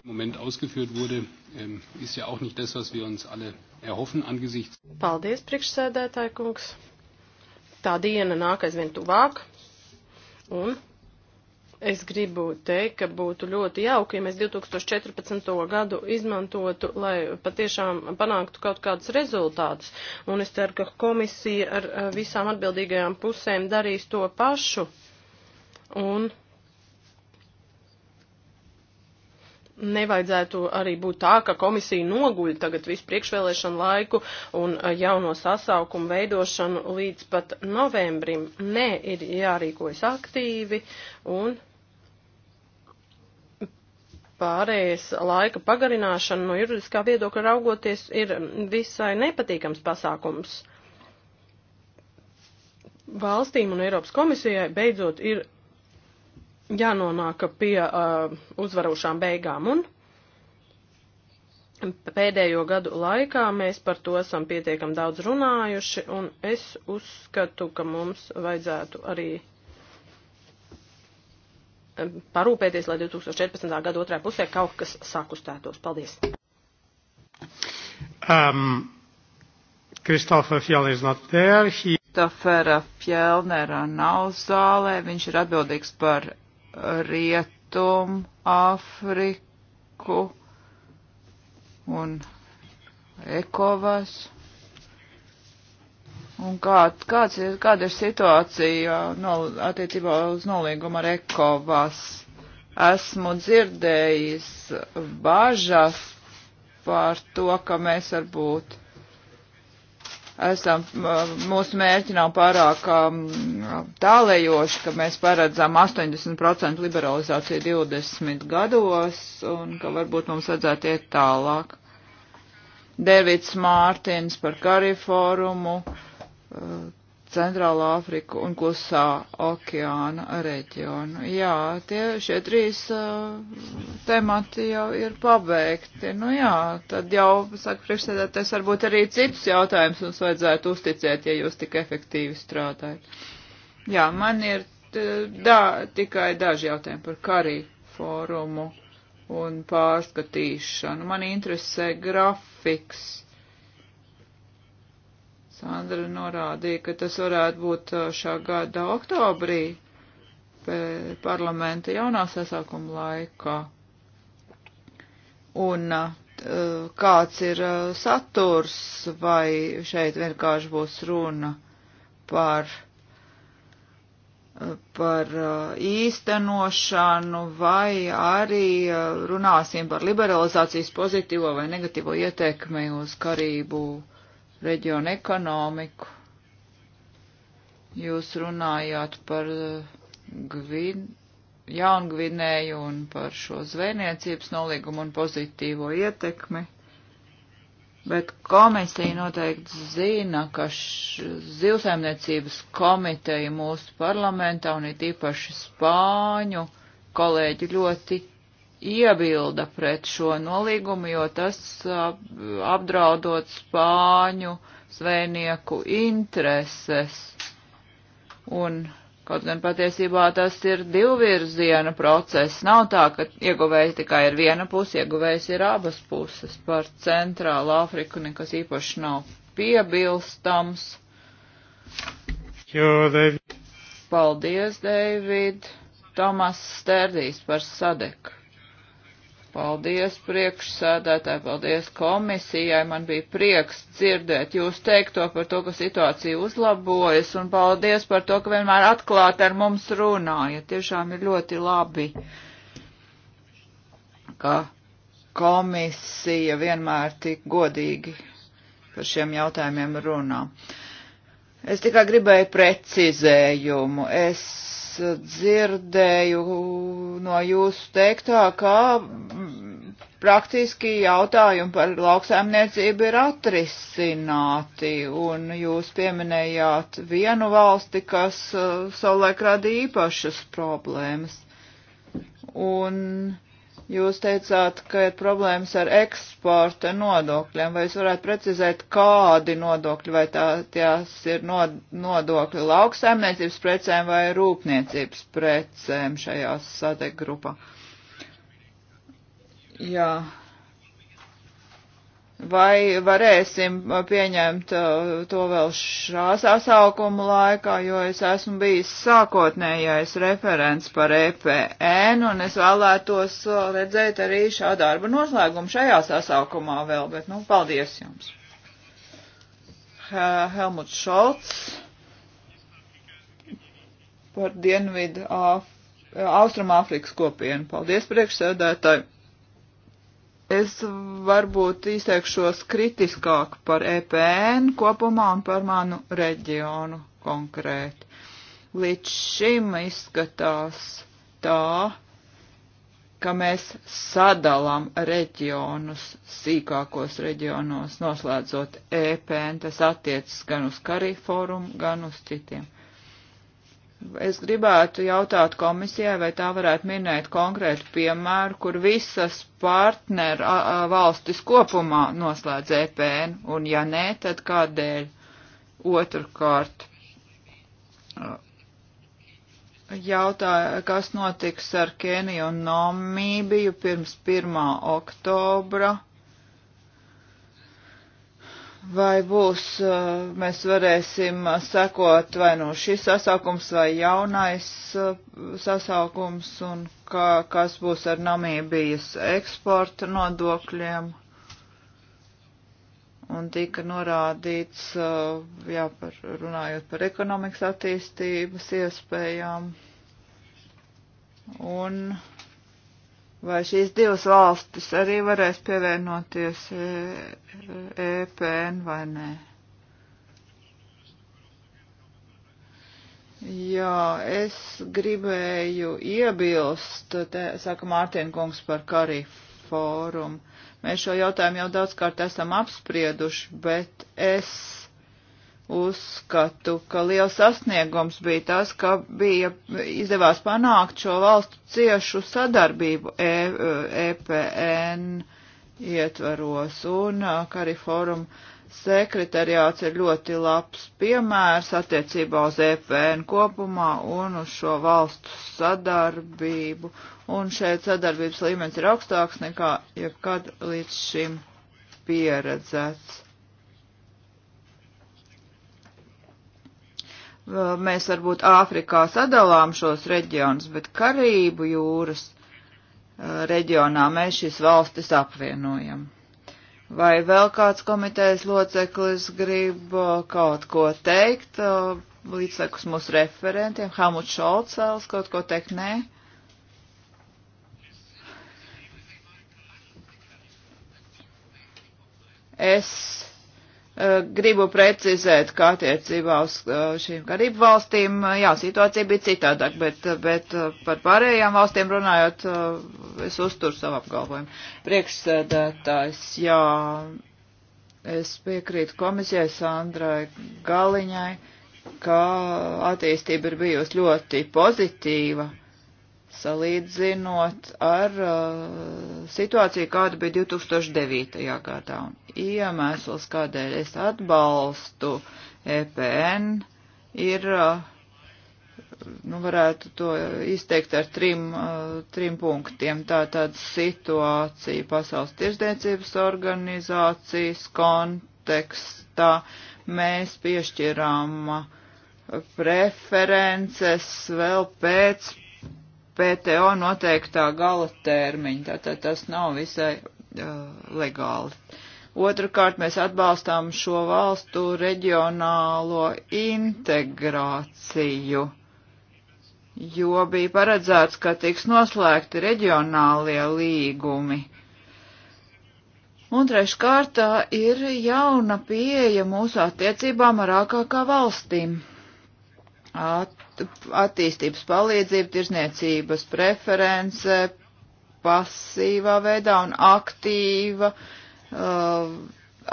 Moment ausgeführt wurde, ähm, ist ja auch nicht das, was wir uns alle erhoffen angesichts. Paldies, priekšsēdētāji kungs. Tā diena nāk aizvien tuvāk. Un es gribu teikt, ka būtu ļoti jauki, ja mēs 2014. gadu izmantotu, lai patiešām panāktu kaut kādus rezultātus. Un es ceru, ka komisija ar visām atbildīgajām pusēm darīs to pašu. Un nevajadzētu arī būt tā, ka komisija noguļ tagad visu priekšvēlēšanu laiku un eh, jauno sasaukumu veidošanu līdz pat novembrim. Nē, ir jārīkojas aktīvi un pārējais laika pagarināšana no juridiskā viedokļa raugoties ir visai nepatīkams pasākums. Valstīm un Eiropas komisijai beidzot ir jānonāk pie uh, uzvarošām beigām. Un pēdējo gadu laikā mēs par to esam pietiekam daudz runājuši, un es uzskatu, ka mums vajadzētu arī um, parūpēties, lai 2014. gada otrajā pusē kaut kas sakustētos. Paldies! Um, Kristofer Fjell is not there. He... Kristofera Fjellnera nav zālē, viņš ir atbildīgs par Rietum Āfriku un Ekovas. Un kā, kāds ir, kāda ir situācija nol, attiecībā uz nolīgumu ar Ekovas? Esmu dzirdējis bažas par to, ka mēs varbūt esam, mūsu mērķi nav pārāk tālējoši, ka mēs paredzam 80% liberalizāciju 20 gados un ka varbūt mums vajadzētu iet tālāk. Devits Mārtins par Kariforumu Centrālā Afriku un Klusā okeāna reģionu. Jā, tie šie trīs uh, temati jau ir pabeigti. Nu jā, tad jau, saka priekšsēdētājs, varbūt arī citus jautājumus mums vajadzētu uzticēt, ja jūs tik efektīvi strādājat. Jā, man ir dā, tikai daži jautājumi par karī fórumu un pārskatīšanu. Man interesē grafiks Sandra norādīja, ka tas varētu būt uh, šā gada oktobrī parlamenta jaunā sasākuma laikā. Un uh, uh, kāds ir saturs, vai šeit vienkārši būs runa par par īstenošanu, vai arī runāsim par liberalizācijas pozitīvo vai negatīvo ietekmi uz karību reģionu ekonomiku. Jūs runājāt par eh, Gvin, Jaungvinēju un par šo zvejniecības nolīgumu un pozitīvo ietekmi. Bet komisija noteikti zina, ka zivsaimniecības komiteja mūsu parlamentā un it īpaši Spāņu kolēģi ļoti iebilda pret šo nolīgumu, jo tas apdraudot spāņu zvejnieku intereses. Un kaut gan patiesībā tas ir divvirziena process. Nav tā, ka ieguvējs tikai ir viena puse, ieguvējs ir abas puses. Par Centrālu Āfriku nekas īpaši nav piebilstams. Jo, Paldies, Deivid! Tomas Sterdijs par sadeku. Paldies priekšsēdētāji, paldies komisijai. Man bija prieks dzirdēt jūs teikto par to, ka situācija uzlabojas un paldies par to, ka vienmēr atklāti ar mums runājat. Tiešām ir ļoti labi, ka komisija vienmēr tik godīgi par šiem jautājumiem runā. Es tikai gribēju precizējumu. Es dzirdēju no jūsu teiktā, ka praktiski jautājumi par lauksaimniecību ir atrisināti, un jūs pieminējāt vienu valsti, kas uh, savulaik radīja īpašas problēmas. Un Jūs teicāt, ka ir problēmas ar eksporta nodokļiem, vai jūs varētu precizēt, kādi nodokļi, vai tā, tās ir nodokļi lauksaimniecības precēm vai rūpniecības precēm šajā sadeg grupā? Jā, vai varēsim uh, pieņemt uh, to vēl šā sasaukuma laikā, jo es esmu bijis sākotnējais referents par EPN, un es vēlētos uh, redzēt arī šā darba noslēgumu šajā sasaukumā vēl, bet, nu, paldies jums. Helmuts Šolts par Dienvidu Austrumāfrikas kopienu. Paldies priekšsēdētāji! Es varbūt izteikšos kritiskāk par EPN kopumā un par manu reģionu konkrēti. Līdz šim izskatās tā, ka mēs sadalām reģionus sīkākos reģionos, noslēdzot EPN, tas attiecas gan uz Karīforumu, gan uz citiem. Es gribētu jautāt komisijai, vai tā varētu minēt konkrētu piemēru, kur visas partneru valstis kopumā noslēdz EPN, un ja nē, tad kādēļ otrkārt jautāja, kas notiks ar Keniju un Nomībiju pirms 1. oktobra vai būs, mēs varēsim sekot vai nu no šis sasaukums vai jaunais sasaukums un kā, kas būs ar Namībijas eksporta nodokļiem. Un tika norādīts, jā, par, runājot par ekonomikas attīstības iespējām. Un vai šīs divas valstis arī varēs pievienoties EPN e, e vai nē. Jā, es gribēju iebilst, te, saka Mārtienkungs par Karī fórumu. Mēs šo jautājumu jau daudzkārt esam apsprieduši, bet es uzskatu, ka liels sasniegums bija tas, ka bija izdevās panākt šo valstu ciešu sadarbību e, EPN eh, e ietvaros un eh, Kari fórum sekretariāts ir ļoti labs piemērs attiecībā uz EPN kopumā un uz šo valstu sadarbību. Un šeit sadarbības līmenis ir augstāks nekā jebkad līdz šim pieredzēts mēs varbūt Āfrikā sadalām šos reģionus, bet Karību jūras reģionā mēs šīs valstis apvienojam. Vai vēl kāds komitejas loceklis grib kaut ko teikt, līdzlekus mūsu referentiem? Hamuts Šolts vēlas kaut ko teikt? Nē. Es Eh, gribu precizēt, kā attiecībā uz eh, šīm Karību valstīm, eh, jā, situācija bija citādāk, bet, bet par pārējām valstīm runājot, es uzturu savu apgalvojumu. Priekšsēdētājs, jā, es piekrītu komisijai Sandrai Galiņai, ka attīstība ir bijusi ļoti pozitīva salīdzinot ar uh, situāciju, kāda bija 2009. gadā. Un iemesls, kādēļ es atbalstu EPN, ir, uh, nu, varētu to izteikt ar trim, uh, trim punktiem. Tā tāda situācija Pasaules tirsniecības organizācijas kontekstā mēs piešķirām uh, preferences vēl pēc PTO noteiktā gala termiņa, tātad tas nav visai uh, legāli. Otrakārt, mēs atbalstām šo valstu reģionālo integrāciju, jo bija paredzēts, ka tiks noslēgti reģionālie līgumi. Un treškārt, tā ir jauna pieeja mūsu attiecībām ar ārkārtā valstīm. At attīstības palīdzība, tirzniecības preference, pasīvā veidā un aktīva uh,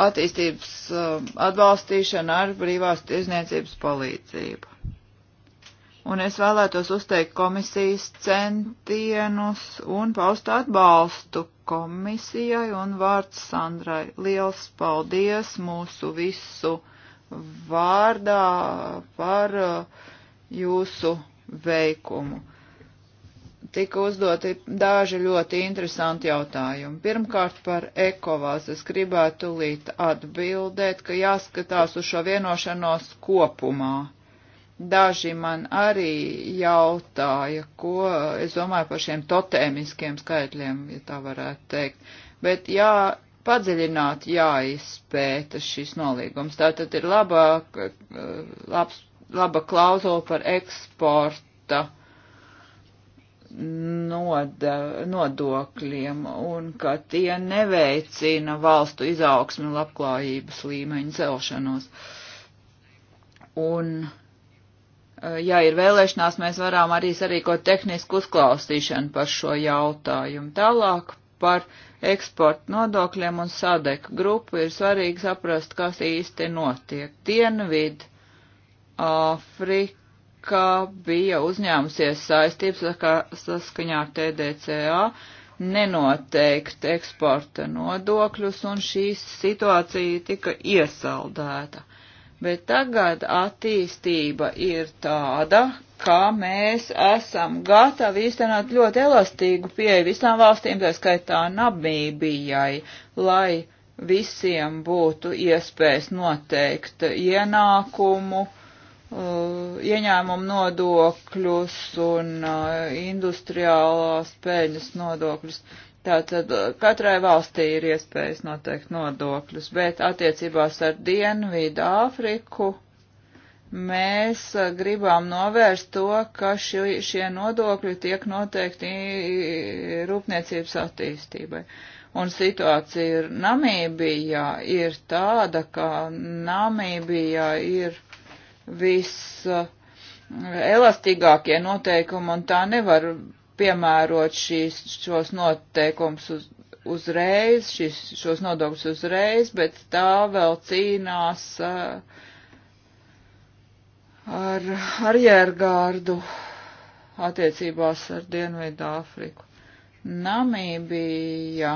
attīstības uh, atbalstīšana ar brīvās tirzniecības palīdzību. Un es vēlētos uzteikt komisijas centienus un paust atbalstu komisijai un vārds Sandrai. Liels paldies mūsu visu vārdā par uh, jūsu veikumu. Tika uzdoti daži ļoti interesanti jautājumi. Pirmkārt par ekovās. Es gribētu tūlīt atbildēt, ka jāskatās uz šo vienošanos kopumā. Daži man arī jautāja, ko es domāju par šiem totēmiskiem skaitļiem, ja tā varētu teikt. Bet jā, padziļināt jāizpēta šis nolīgums. Tātad ir labāk, eh, labs laba klauzula par eksporta noda, nodokļiem un ka tie neveicina valstu izaugsmi un labklājības līmeņu celšanos. Un, e, ja ir vēlēšanās, mēs varam arī sarīkot tehnisku uzklausīšanu par šo jautājumu. Tālāk par eksporta nodokļiem un sadek grupu ir svarīgi saprast, kas īsti notiek. Dienvidu Āfrika bija uzņēmusies saistības saskaņā ar TDCA nenoteikt eksporta nodokļus, un šī situācija tika iesaldēta. Bet tagad attīstība ir tāda, ka mēs esam gatavi īstenot ļoti elastīgu pieeju visām valstīm, tā skaitā Namībijai, lai visiem būtu iespējas noteikt ienākumu, uh, Uh, ieņēmumu nodokļus un uh, industriālās peļņas nodokļus. Tātad uh, katrai valstī ir iespējas noteikt nodokļus, bet attiecībās ar Dienvidu Āfriku mēs gribam novērst to, ka ši, šie nodokļi tiek noteikti rūpniecības attīstībai. Un situācija ir Namībijā ir tāda, ka Namībijā ir viselastīgākie noteikumi, un tā nevar piemērot šīs, šos noteikumus uz, uzreiz, šis, šos nodokļus uzreiz, bet tā vēl cīnās eh, ar arjērgārdu attiecībās ar Dienvidu Āfriku. Namībija. Ja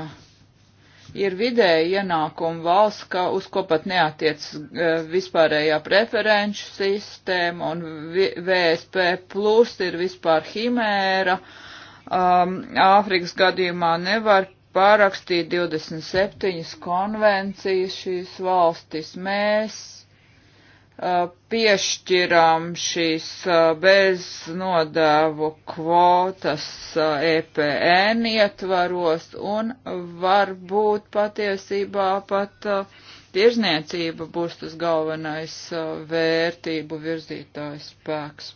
ir vidēji ienākuma valsts, ka, uz ko pat neatiec e, vispārējā preferenču sistēma un VSP plus ir vispār himēra. Um, Āfrikas gadījumā nevar pārakstīt 27 konvencijas šīs valstis. Mēs Eh, piešķiram šīs eh, beznodēvu kvotas EPN eh, e ietvaros un varbūt patiesībā pat tirzniecība būs tas galvenais vērtību virzītājs spēks.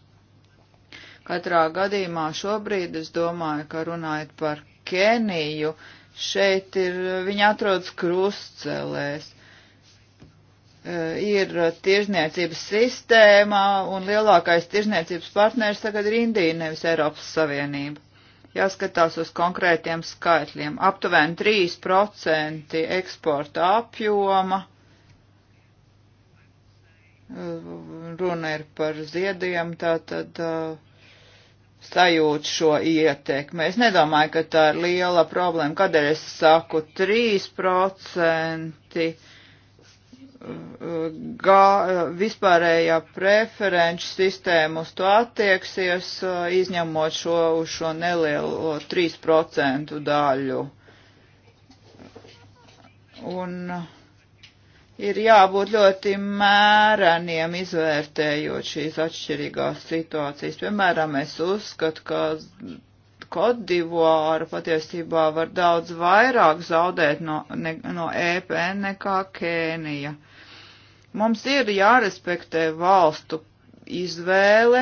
Katrā gadījumā šobrīd es domāju, ka runājot par Keniju, šeit ir, viņi atrodas krustcelēs Eh, ir tirzniecības sistēmā, un lielākais tirzniecības partners tagad ir Indija, nevis Eiropas Savienība. Jāskatās uz konkrētiem skaitļiem. Aptuveni 3% eksporta apjoma. Eh, runa ir par ziediem, tātad eh, sajūt šo ietekmi. Es nedomāju, ka tā ir liela problēma. Kādēļ es saku 3%? gā, vispārējā preferenču sistēma uz to attieksies, izņemot šo, uz šo nelielo 3% daļu. Un ir jābūt ļoti mēreniem izvērtējot šīs atšķirīgās situācijas. Piemēram, es uzskatu, ka Kodivāra patiesībā var daudz vairāk zaudēt no, ne, no EPN nekā Kēnija. Uh, Mums ir jārespektē valstu izvēle,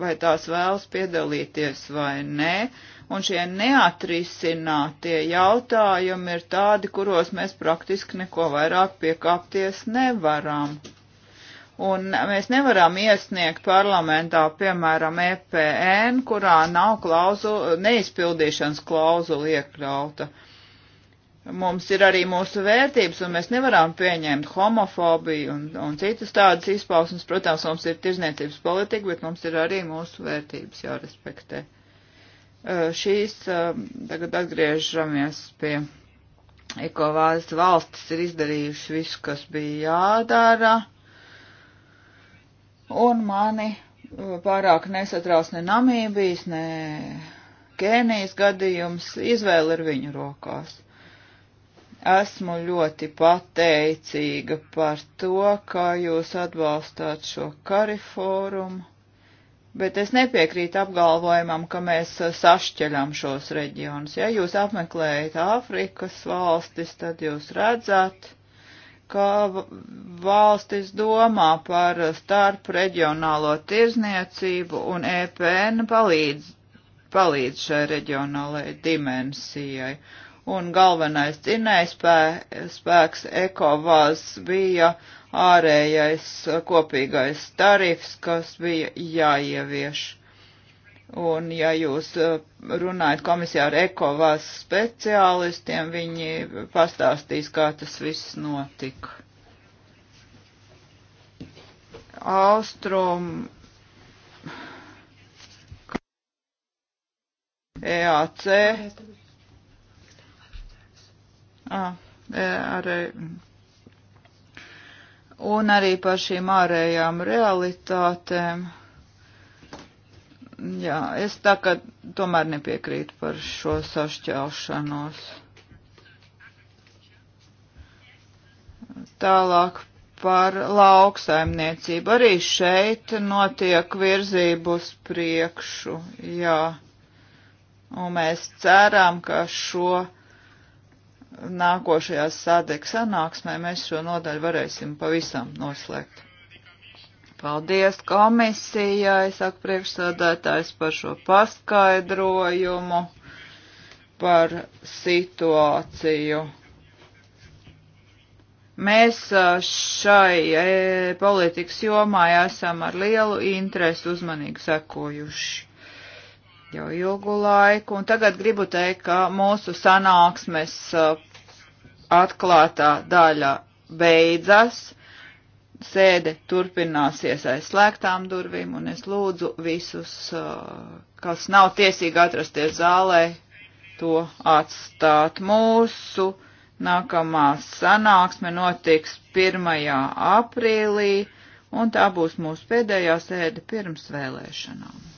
vai tās vēlas piedalīties vai nē, un šie neatrisinātie jautājumi ir tādi, kuros mēs praktiski neko vairāk piekāpties nevaram. Un mēs nevaram iesniegt parlamentā, piemēram, EPN, kurā nav klauzu, neizpildīšanas klauzula iekļauta. Uh, Mums ir arī mūsu vērtības, un mēs nevaram pieņemt homofobiju un, un citas tādas izpausmes. Protams, mums ir tirzniecības politika, bet mums ir arī mūsu vērtības jārespektē. Uh, šīs, uh, tagad atgriežamies pie ekovāzes valstis, ir izdarījuši visu, kas bija jādara, un mani pārāk nesatrauc ne Namībijas, ne Kēnijas gadījums, izvēle ir viņu rokās Esmu ļoti pateicīga par to, kā jūs atbalstāt šo kariforumu, bet es nepiekrītu apgalvojumam, ka mēs uh, sašķeļam šos reģionus. Ja jūs apmeklējat Āfrikas valstis, tad jūs redzat, ka valstis domā par starp reģionālo tirzniecību un EPN palīdz, palīdz šai reģionālajai dimensijai un galvenais dzinējspēks ekovās bija ārējais kopīgais tarifs, kas bija jāievieš. Un ja jūs eh, runājat komisijā ar ekovās speciālistiem, viņi pastāstīs, kā tas viss notika. Austrum EAC E, ar, e, un arī par šīm ārējām realitātēm. Jā, es tā kā tomēr nepiekrītu par šo sašķelšanos. Tālāk par lauksaimniecību. Arī šeit notiek virzību uz priekšu, jā. Un mēs ceram, ka šo nākošajā sādēk sanāksmē mēs šo nodaļu varēsim pavisam noslēgt. Paldies komisijai, saka priekšsādātājs par šo paskaidrojumu, par situāciju. Mēs šai politikas jomā esam ar lielu interesi uzmanīgi sekojuši jau ilgu laiku, un tagad gribu teikt, ka mūsu sanāksmes atklātā daļa beidzas, sēde turpināsies aiz slēgtām durvīm, un es lūdzu visus, kas nav tiesīgi atrasties zālē, to atstāt mūsu. Nākamā sanāksme notiks 1. aprīlī, un tā būs mūsu pēdējā sēde pirms vēlēšanām.